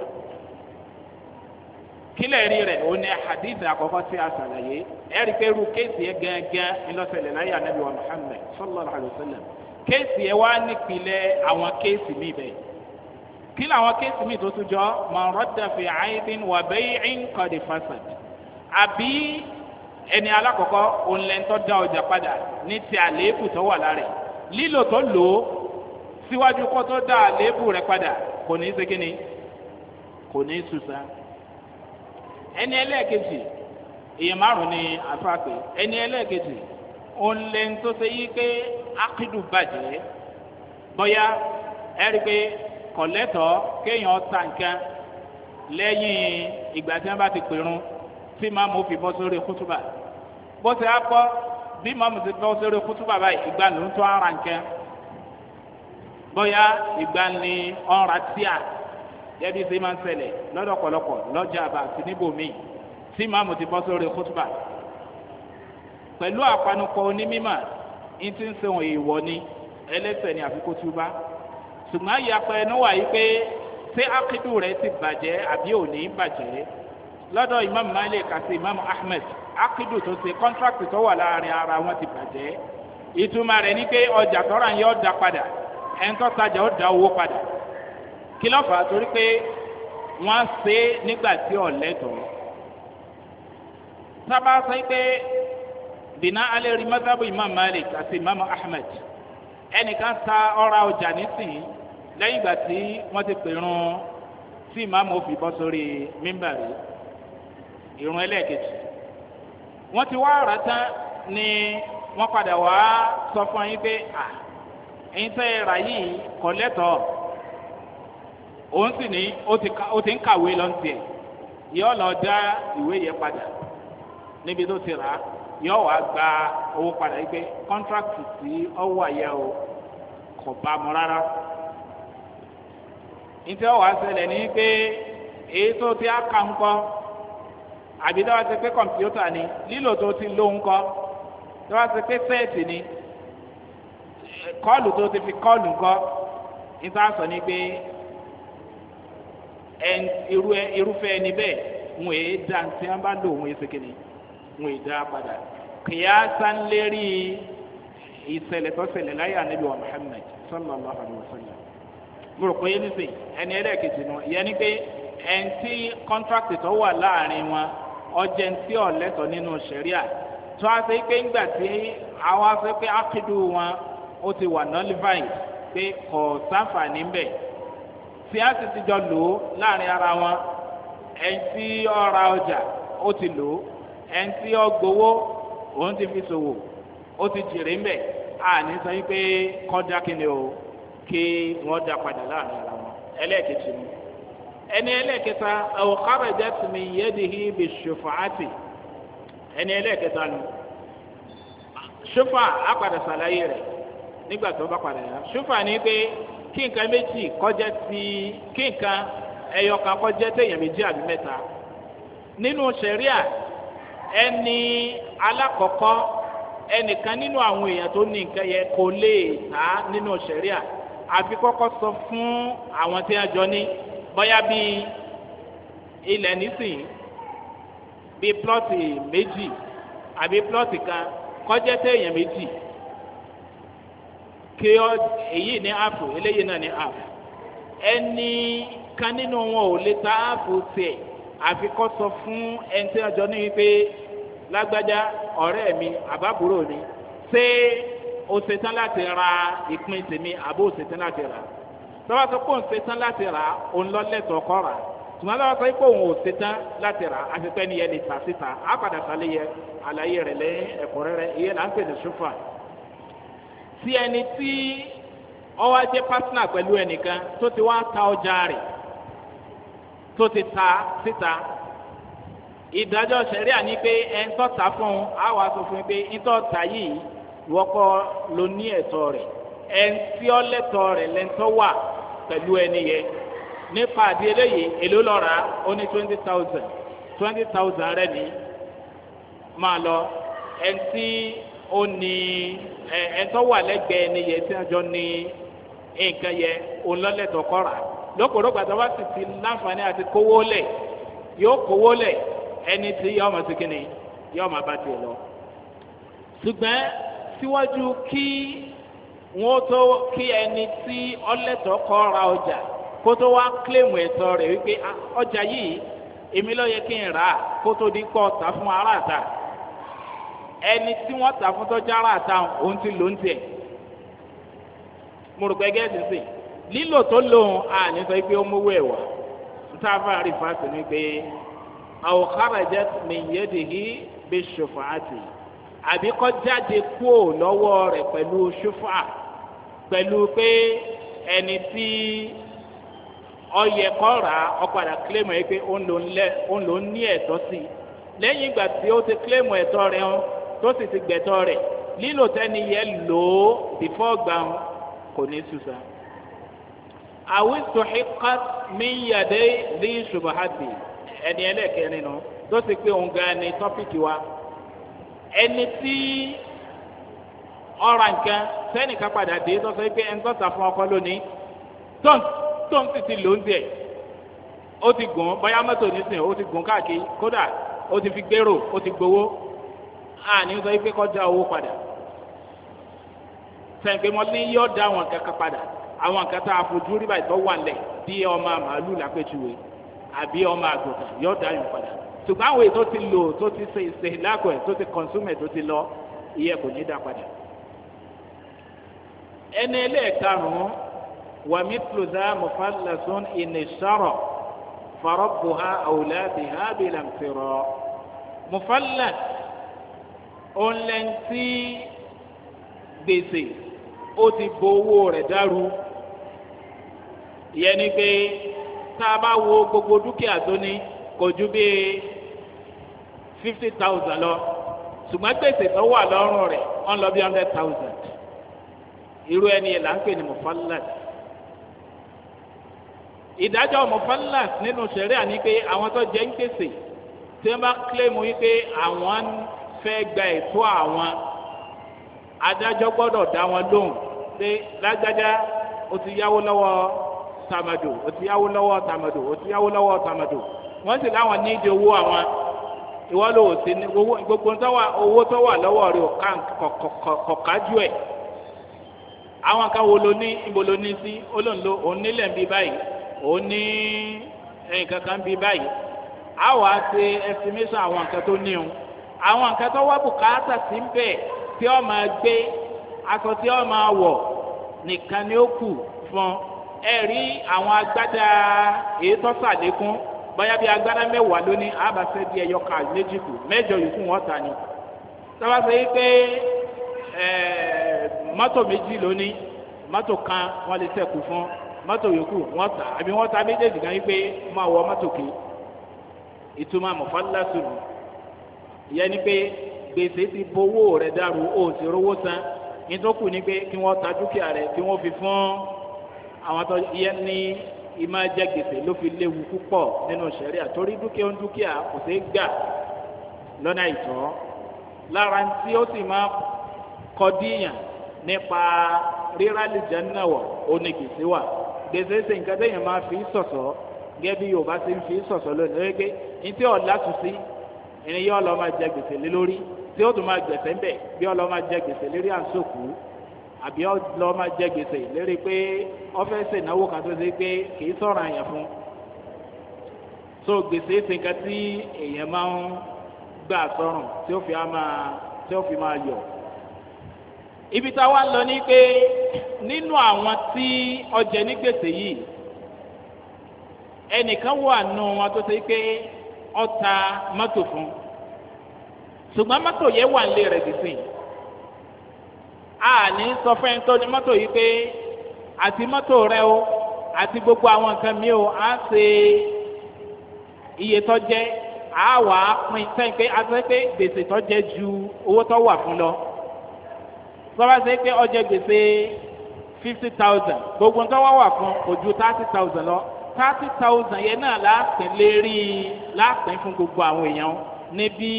kílẹ̀ rí rẹ̀ ó ní hadith àkọ́kọ́ tí a sàlàyé ẹ̀rí pé irú kéèsì yẹn gángan ńlọ́sẹ̀lẹ̀ láyé anabi wa muhammed sallallahu alayhi wa sallam kéèsì yẹn wá nípìnlẹ̀ àwọn kéèsì mi bẹ́ẹ̀ kí làwọn kéésì mi tó tún jọ mọ̀rọ́dà fi àìdín wà bẹ́ẹ̀ ń kọ́dí fásad àbí ẹni alákọ̀ọ́kọ́ òǹlẹ̀ńtọ́ dá ọjà padà ní ti àléébù tó wà lára ẹ̀ lílò tó lò ó síwájú kó tó dá àléébù rẹ̀ padà kò ní í ṣe kíni kò ní í ṣùṣà ẹni ẹlẹ́ẹ̀kejì èèyàn márùn ni àfàpè ẹni ẹlẹ́ẹ̀kejì òǹlẹ̀ńtọ́ ṣe yí pé ákídù bàjẹ́ bọ́yá kọ̀lẹ́tọ̀ kéèyàn ta nǹkan lẹ́yìn ìgbà tí wọ́n bá ti pèrún tí màmú fi bọ́ sórí kútùbà bó ti á kọ́ bí màmú ti bọ́ sórí kútùbà báyìí ìgbà ló ń tún ara nǹkan bóyá ìgbà ni ọ̀nra tíà yẹ́bi ṣe máa ń ṣẹlẹ̀ lọ́dọ̀kọ̀lọ́kọ̀ lọ́jà àbá àti níbòmí tí màmú ti bọ́ sórí kútùbà pẹ̀lú àpanupọ̀ onímímà ní ti ń sẹ́wọ̀n ìwọ ni ẹlẹ́sẹ̀ ni àfikún tí ṣùgbọ́n ìyapẹ ẹnu wà yí pé ṣé akidu rẹ ti bàjẹ́ àbí ò ní bàjẹ́ lọ́dọ̀ imam malik àti imam ahmed akidu tó ṣe kọ́ńtrákì tó wà láàrin ara wọn ti bàjẹ́ ìtumọ̀ rẹ̀ ni pé ọjà tọ́ra yẹn ó da padà ẹ̀ńtọ́ tajà ó da owó padà kí ló fà á torí pé wọ́n ṣe é nígbà tí ọ̀lẹ́tọ̀ọ́ sábà sọ pé bìnnà alẹ́ rí mọ́sábù imam malik àti imam ahmed ẹnìkan ta ọ̀ra ọjà nísìnyí lẹ́yìn ìgbà tí wọ́n ti pèrún tí ìmáàmù òfin bọ́ sórí mímbàrí ìrún ẹlẹ́ẹ̀kejì wọ́n ti wá ọ̀rá tán ni wọ́n padà wá sọ fún yín pé à ẹ̀yin tẹ́ ẹ rà yìí kọ́ lẹ́tọ̀ọ́ òun sì ní ó ti ń kàwé lọ́ntì ẹ̀ yọ lọ dá ìwé yẹn padà níbi tó ti rà á yọ wá gba owó padà yìí pé kọ́ńtrákì ọwọ́ àyẹ̀ o kò bá mu rárá ntí ọwọ́ àṣẹlẹ̀ ní pé èyí tó ti aka ńkọ́ àbí tó wá ti pé kọ̀mpútà ni lílò tó ti ló ńkọ́ tó wá ti pé sẹ́ẹ̀tì ni kọ́ọ̀lù tó ti fi kọ́ọ̀lù ńkọ́ níta sọ ni pé irúfẹ́ ẹni bẹ́ẹ̀ wọn èé da tí wọn bá lò wọn èé sekele wọn èé da padà kìyà sanlérí ìṣẹ̀lẹ̀ tó ṣẹlẹ̀ láyé ànábi wa muhammed sallallahu alayhi wa sallam mo rò pé nísìnyí ẹni ẹlẹ́ẹ̀kejì nu ìyẹn ni pé ẹni tí kọ́ńtrákì tó wà láàrin wọn ọjẹ́ ń tí ọ̀lẹ́tọ̀ nínú sẹ̀ríà tó a ṣe pé ńgbà tí àwọn a ṣe pé ákídù wọn ó ti wà nọ́lífàì pé kò sáfà níbẹ̀ tí a sì ti jọ lò ó láàrin ara wọn ẹni ọ̀ra ọjà ó ti lò ó ẹni ọgbowó òun ti fi ṣòwò ó ti jèrè ńbẹ̀ àní sọ wípé kọjá kí ni o. kí wọ́n dá padà láàrin ara wọn ẹlẹ́ẹ̀kejì ni ẹni ẹlẹ́ẹ̀kẹta aw kharajat min yadihi bish-shuf'ati ẹni ẹlẹ́ẹ̀kẹta nu ṣúfà á padà ṣàlàyé nígbà tó bá padà yá ni pé kí nǹkan méjì kọjá ti kí nǹkan ta nínú àfi kọ́kọ́ sọ fún àwọn tí wọ́n jọ ní bóyá bíi ilẹ̀ nísìnyí bíi plọ́ọ̀tì méjì àbí plọ́ọ̀tì kan kọjá tẹ èèyàn méjì kí ọ èyí ní àpò eléyìí náà ní àpò ẹni kan nínú wọn ò lè ta àpò tiẹ̀ àfi kọ́ sọ fún ẹni tí wọ́n jọ ní wípé lágbájá ọ̀rẹ́ mi àbábúrò mi ṣé ó ṣetán láti ra ìpín tèmi àbó ó ṣetán láti rà tọ́wọ́ sọ pé òun ṣetán láti rà òun lọ lẹ́tọ̀ọ́ kọ́ rà tùmọ̀ lọ́wọ́ sọ pé òun ò ṣetán láti rà àṣepẹ́ ni yẹn lè tà síta á padà sálẹ̀ yẹ àlàyé rẹ̀ lẹ́yìn ẹ̀kúnrẹ́rẹ́ ìyẹn là ń pè ní ṣúfà tí ẹni tí ọwọ́ jẹ́ pásínà pẹ̀lú ẹnìkan tó ti wá ta ọjà rẹ̀ tó ti ta síta ìdájọ́ sẹ̀ríà ni pé ẹ̀ ń tọ́ta fún un á wàá sọ fún un pé ń tọ́ta yìí wọ́pọ̀ ló ní ẹ̀tọ́ rẹ̀ ẹ̀ǹtí ọlẹ́tọ̀ rẹ̀ lẹ́ńtọ́ wà pẹ̀lú ẹni yẹn nípa àdí eléyìí èló lọ́ra ó ní twenty thousand twenty thousand rẹ̀ ní máa lọ ẹ̀ǹtí ó ní ẹ̀ǹtọ́ wà lẹ́gbẹ̀ẹ́ ẹni yẹn tí wọ́n jọ ní nǹkan yẹn òun lọ́lẹ́tọ̀ kọ́ra lókòrógbà tó bá sì ti láǹfààní àti kówó lẹ̀ yóò kówó lẹ̀ ẹni tí yọ́ọ̀mọ̀ sí kínní yọ́ọ̀mọ̀ bá tiẹ̀ lọ ṣùgbọ́n síwájú kí wọ́n tó kí ẹni tí ọlẹ́tọ̀ kọ́ ra ọjà kó tó wá kílèmù ẹ̀tọ́ rẹ̀ wípé ah, ọjà yìí èmi ló yẹ kí n rà á kó tó di pọ̀ ta fún aráàta ẹni tí wọ́n tà fún tọ́jú aráàta òun ti lò ń tiẹ̀ mo rò pé gẹ́gẹ́ sí lílò tó lòun àní sọ pé ó mówó ẹ̀ níta bá rí fásitì ni pé àwòkárà jẹ́ mi yé dìhí bí ṣòfò àti yìí àbí kọ́ jáde kúò lọ́wọ́ rẹ̀ pẹ̀lú ṣúfà pẹ̀lú pé ẹni tí ọyẹ kọ́ra ọ̀padà kílẹ̀mù yìí pé òun ló ń ní ẹ̀tọ́ sí i lẹ́yìn ìgbà tí ó ti kílẹ̀mù ẹ̀tọ́ rẹ̀ hàn tó sì ti gbẹ̀tọ́ rẹ̀ lílò tẹ́ni yẹn lò ó bìfọ́ gbàm kò ní sùsà. àwísù xìkà míyàdé ní ṣùgbọ́n àti ẹni ẹlẹ́kẹ̀rin nù tó sì pé òun gan ni tọ́pìkì wa ẹni tí ọ̀ra nǹkan sẹ́nìkan padà dé sọ́sọ́ pé ẹni tó ta fún ọkọ lónìí tóun sì ti lò ń tiẹ̀ ó ti gùn bóyá mọ́tò nísìnyí ó ti gùn káàkiri kódà ó ti fi gbèrò ó ti gbowó àní sọ pé kọjá owó padà sẹ́yìn pé wọ́n ní yọ́ da àwọn kankan padà àwọn nǹkan tá a fojú rí báyìí tó wà lẹ̀ bí ọmọ màálù lápẹ́jùwe àbí ọmọ àgùntàn yóò dá yùn padà ṣùgbọ́n àwọn èyí tó ti lò tó ti ṣe ìṣèlákọ̀ ẹ̀ tó ti consume tó ti lọ iye kò ní dá padà. ẹni ẹlẹ́ẹ̀karùn-ún wàmí tùlùdá mufalasun ìnìṣọ́rọ̀ farọ́bùhá àwùlábì hábìlàmtìrọ̀ mufalas ọ̀nlẹ́ntì gbèsè ó ti bo owó rẹ̀ dàrú ìyẹn pé tá a bá wo gbogbo dúkìá tó ní kò ju bíi fifty thousand lọ ṣùgbọ́n gbèsè tó wà lọ́rùn rẹ̀ ọ̀n lọ bí hundred thousand irú ẹni là ń pè ní mufallas ìdájọ́ mufallas nínú sẹ̀ríà ni pé àwọn tó jẹ́ ń gbèsè tí wọ́n bá kílèmù wípé àwọn fẹ́ gba ẹ̀tọ́ àwọn adájọ́ gbọ́dọ̀ dá wọn lóhùn pé lágbájá o ti yáwó lọ́wọ́ tamado o ti yáwó lọ́wọ́ tamado o ti yáwó lọ́wọ́ tamado wọ́n sì láwọn nídìí owó àwọn ìwọ ló wò sí gbogbo owó tó wà lọ́wọ́ rẹ kọ̀kájú ẹ̀ àwọn kan wo ló ní ibo ló ní sí olóńlo òun nílẹ̀ ń bí báyìí òun ní ẹ̀yìn kankan ń bí báyìí a wàá ṣe estimation àwọn nǹkan tó ní o àwọn nǹkan tó wá bùkátà sí ń bẹ̀ tí ó máa gbé aṣọ tí ó máa wọ̀ nìkan ni ó kù fún ẹ rí àwọn agbádá èyí tó sàlékún bóyá bí agbára mẹ́wàá lónìí àbàṣẹ bí ẹyọ kan méjì kù mẹ́jọ yòókù wọn ta ni sábà sọ yìí pé mọ́tò méjì lónìí mọ́tò kan wọ́n lè sẹ́kù fún mọ́tò yòókù wọ́n ta àbí wọ́n ta méjèèjì kan yìí pé máa wọ mọ́tò ké ìtumọ̀ mọ̀fálà sùnù ìyẹn pé gbèsè ti bowó rẹ̀ dàrú o sì rówó san nítorí kù ni pé kí wọ́n ta dúkìá rẹ̀ kí wọ́n fi fún àwọn tó yẹ ní ìmá jẹ gbèsè ló fi léwu púpọ̀ nínú sẹríà torí dúkìá ń dúkìá kò sí gbà lọ́nà ìtọ́ lára tí ó sì máa kọdíyàn nípa rírà lìjẹ náà wọ òní gbèsè wà gbèsè ṣe nǹkan téèyàn máa fi sọ̀sọ̀ gẹ́gẹ́ bí yorùbá ṣe ń fi sọ̀sọ̀ lónìí wípé ní tí ọ̀la sí ẹni yóò lọ máa jẹ gbèsè lórí tí ó tún máa gbèsè ń bẹ̀ bí ọ̀la máa jẹ gbèsè lérí à ń sòkú àbí lọ́ọ́ máa jẹ gbèsè lérí pé ọ́fẹ́sẹ̀ náwó kan tó ṣe pé kìí sọ̀rọ̀ àyàn fún so gbèsè ṣe nǹkan tí èèyàn máa ń gbà sọ̀rùn tí ó fi máa tí ó fi máa yọ̀ ibi tá a wá lọ ni pé nínú àwọn tí ọjẹ ní gbèsè yìí ẹnìkan wà nù wọn tó ṣe pé ọta mọ́tò fún ṣùgbọ́n mọ́tò yẹn wà ń lé rẹ̀ sísìn yìí a ní sọ fún ẹni tó ní mọ́tò yìí pé àti mọ́tò rẹ o àti gbogbo àwọn nǹkan mi o á ṣe iye tó jẹ́ a wà á pin sẹ́yìn pé a sọ pé gbèsè tó jẹ́ ju owó tó wà fún lọ sọ́wọ́ sọ pé ọjọ́ gbèsè fifty thousand gbogbo nǹkan wà wà fún kò thirty thousand lọ thirty thousand yẹn náà láàpín lérí láàpín fún gbogbo àwọn èèyàn níbi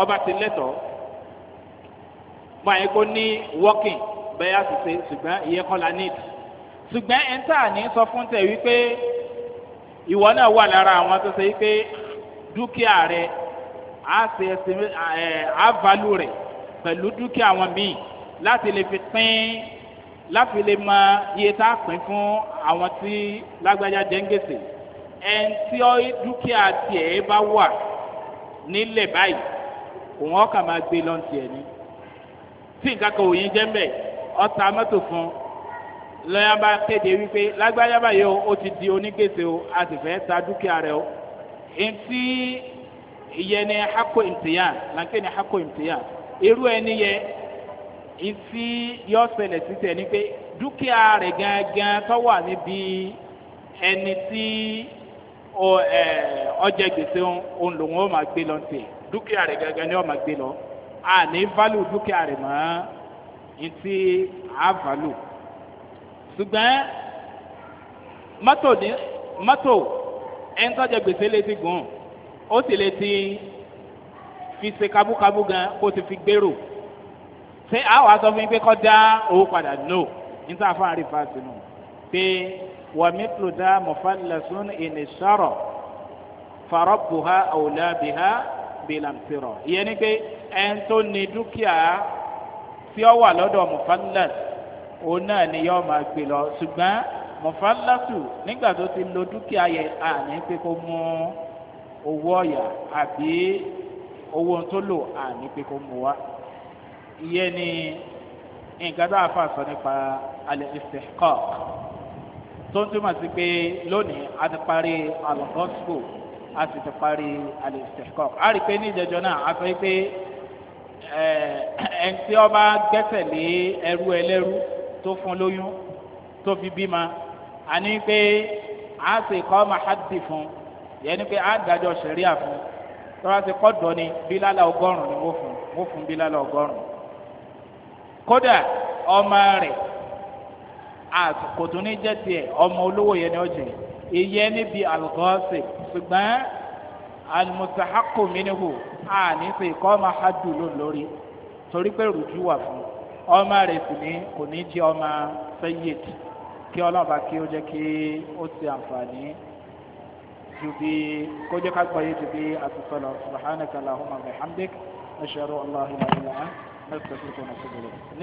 ọba ti lẹ́tọ̀ọ́ mo àyè kó ní working bẹ́ẹ̀ á sì ṣùgbọ́n ìyẹn kọ́ la need ṣùgbọ́n ẹ̀ ń tà ní sọ fún tẹ̀ wípé ìwọ náà wà lára àwọn tó ṣe wípé dúkìá rẹ̀ á ṣe ẹ̀ á value rẹ̀ pẹ̀lú dúkìá àwọn míì láti lè fi pín láti lè mọ iye tá a pín fún àwọn tí lágbájá jẹ́ ń gbèsè ẹ̀ ń dúkìá tiẹ̀ bá wà nílẹ̀ báyìí òun ọkà máa gbé lọ́ntì ẹ̀ ni tí nǹkan kan òyìn jẹ́ mbẹ́ ọta mọ́tò fún lọ́yà bá kéde wípé lágbájá báyìí o ó ti di onígbèsè o a sì fẹ́ ta dúkìá rẹ o ntí ìyẹn ni hako ìtìyà lànkẹ́ ni hako ìtìyà irú ẹni yẹ ntí yọ sẹlẹ̀ títẹ̀ ni pé dúkìá rẹ̀ gángan tó wà níbi ẹni tí ọjà gbèsè òun lòun ó máa gbé lọ ntì dúkìá rẹ̀ gángan ni ó máa gbé lọ àní value dúkìá rẹ̀ mọ́ ntí à value ṣùgbọ́n mọ́tò ní mọ́tò ẹni tó jẹ gbèsè létí gùn ó sì létí fi ṣe kábúkábú gan kó ti fi gbèrò ṣé àwọn aṣọ fún yín pé kọ́ dá owó padà no níta fún àrífà sínú pé wàmí tòdá mọ̀fálẹ́sùn ìnìṣọ́rọ̀ fàrọ̀ bùhá àwòlá bìhá bìlàmṣẹ̀rọ̀ ìyẹn ni pé ẹn tó ní dúkìá tí ó wà lọ́dọ̀ mufallas òun náà ni yóò máa gbé lọ ṣùgbọ́n mufallasu nígbà tó ti lo dúkìá yẹn àní pé kó mú owó ọ̀yà àbí owó tó lò àní pé kó mú wá ìyẹn ni nǹkan tá a fà sọ nípa al-istihqaq tó ń túmọ̀ sí pé lónìí a ti parí al a sì ti parí al-istihqaq a rí i pé ní ìjẹjọ náà a sọ pé. Eh, ẹnití ọba gbẹ́sẹ̀ lé ẹrú ẹlẹ́rú tó fún lóyún tó fi bímọ àní pé a sì kọ́ mahadi fún yẹni pé a dájọ́ sẹ̀ríà fún tọ́wá sí kọ́dọ̀ ni bílálà ọgọ́rùn-ún ni wọ́n fún wọ́n fún bílálà ọgọ́rùn-ún kódà ọmọ rẹ̀ àkòtún ní jẹ́ tiẹ̀ ọmọ olówó yẹn ni ó jẹ́ ìyẹn níbi àlùkò ọ̀sẹ̀ ṣùgbọ́n alimusahako minihu a ní sè kọ́ ọmọ hadu ló lórí torí pé rújú wà fún ọmọ rẹ̀ sì ní kò ní jẹ́ ọmọ sayyid kí ọlọ́ọ̀bá kí ó jẹ́ kí ó ti àǹfààní ju bí kó jẹ́ ká gbọ́ yé ju bí àtúntò lọ subhanaka allahumma bihamdik ashhadu an la ilaha illa anta nastaghfiruka wa natubu ilayk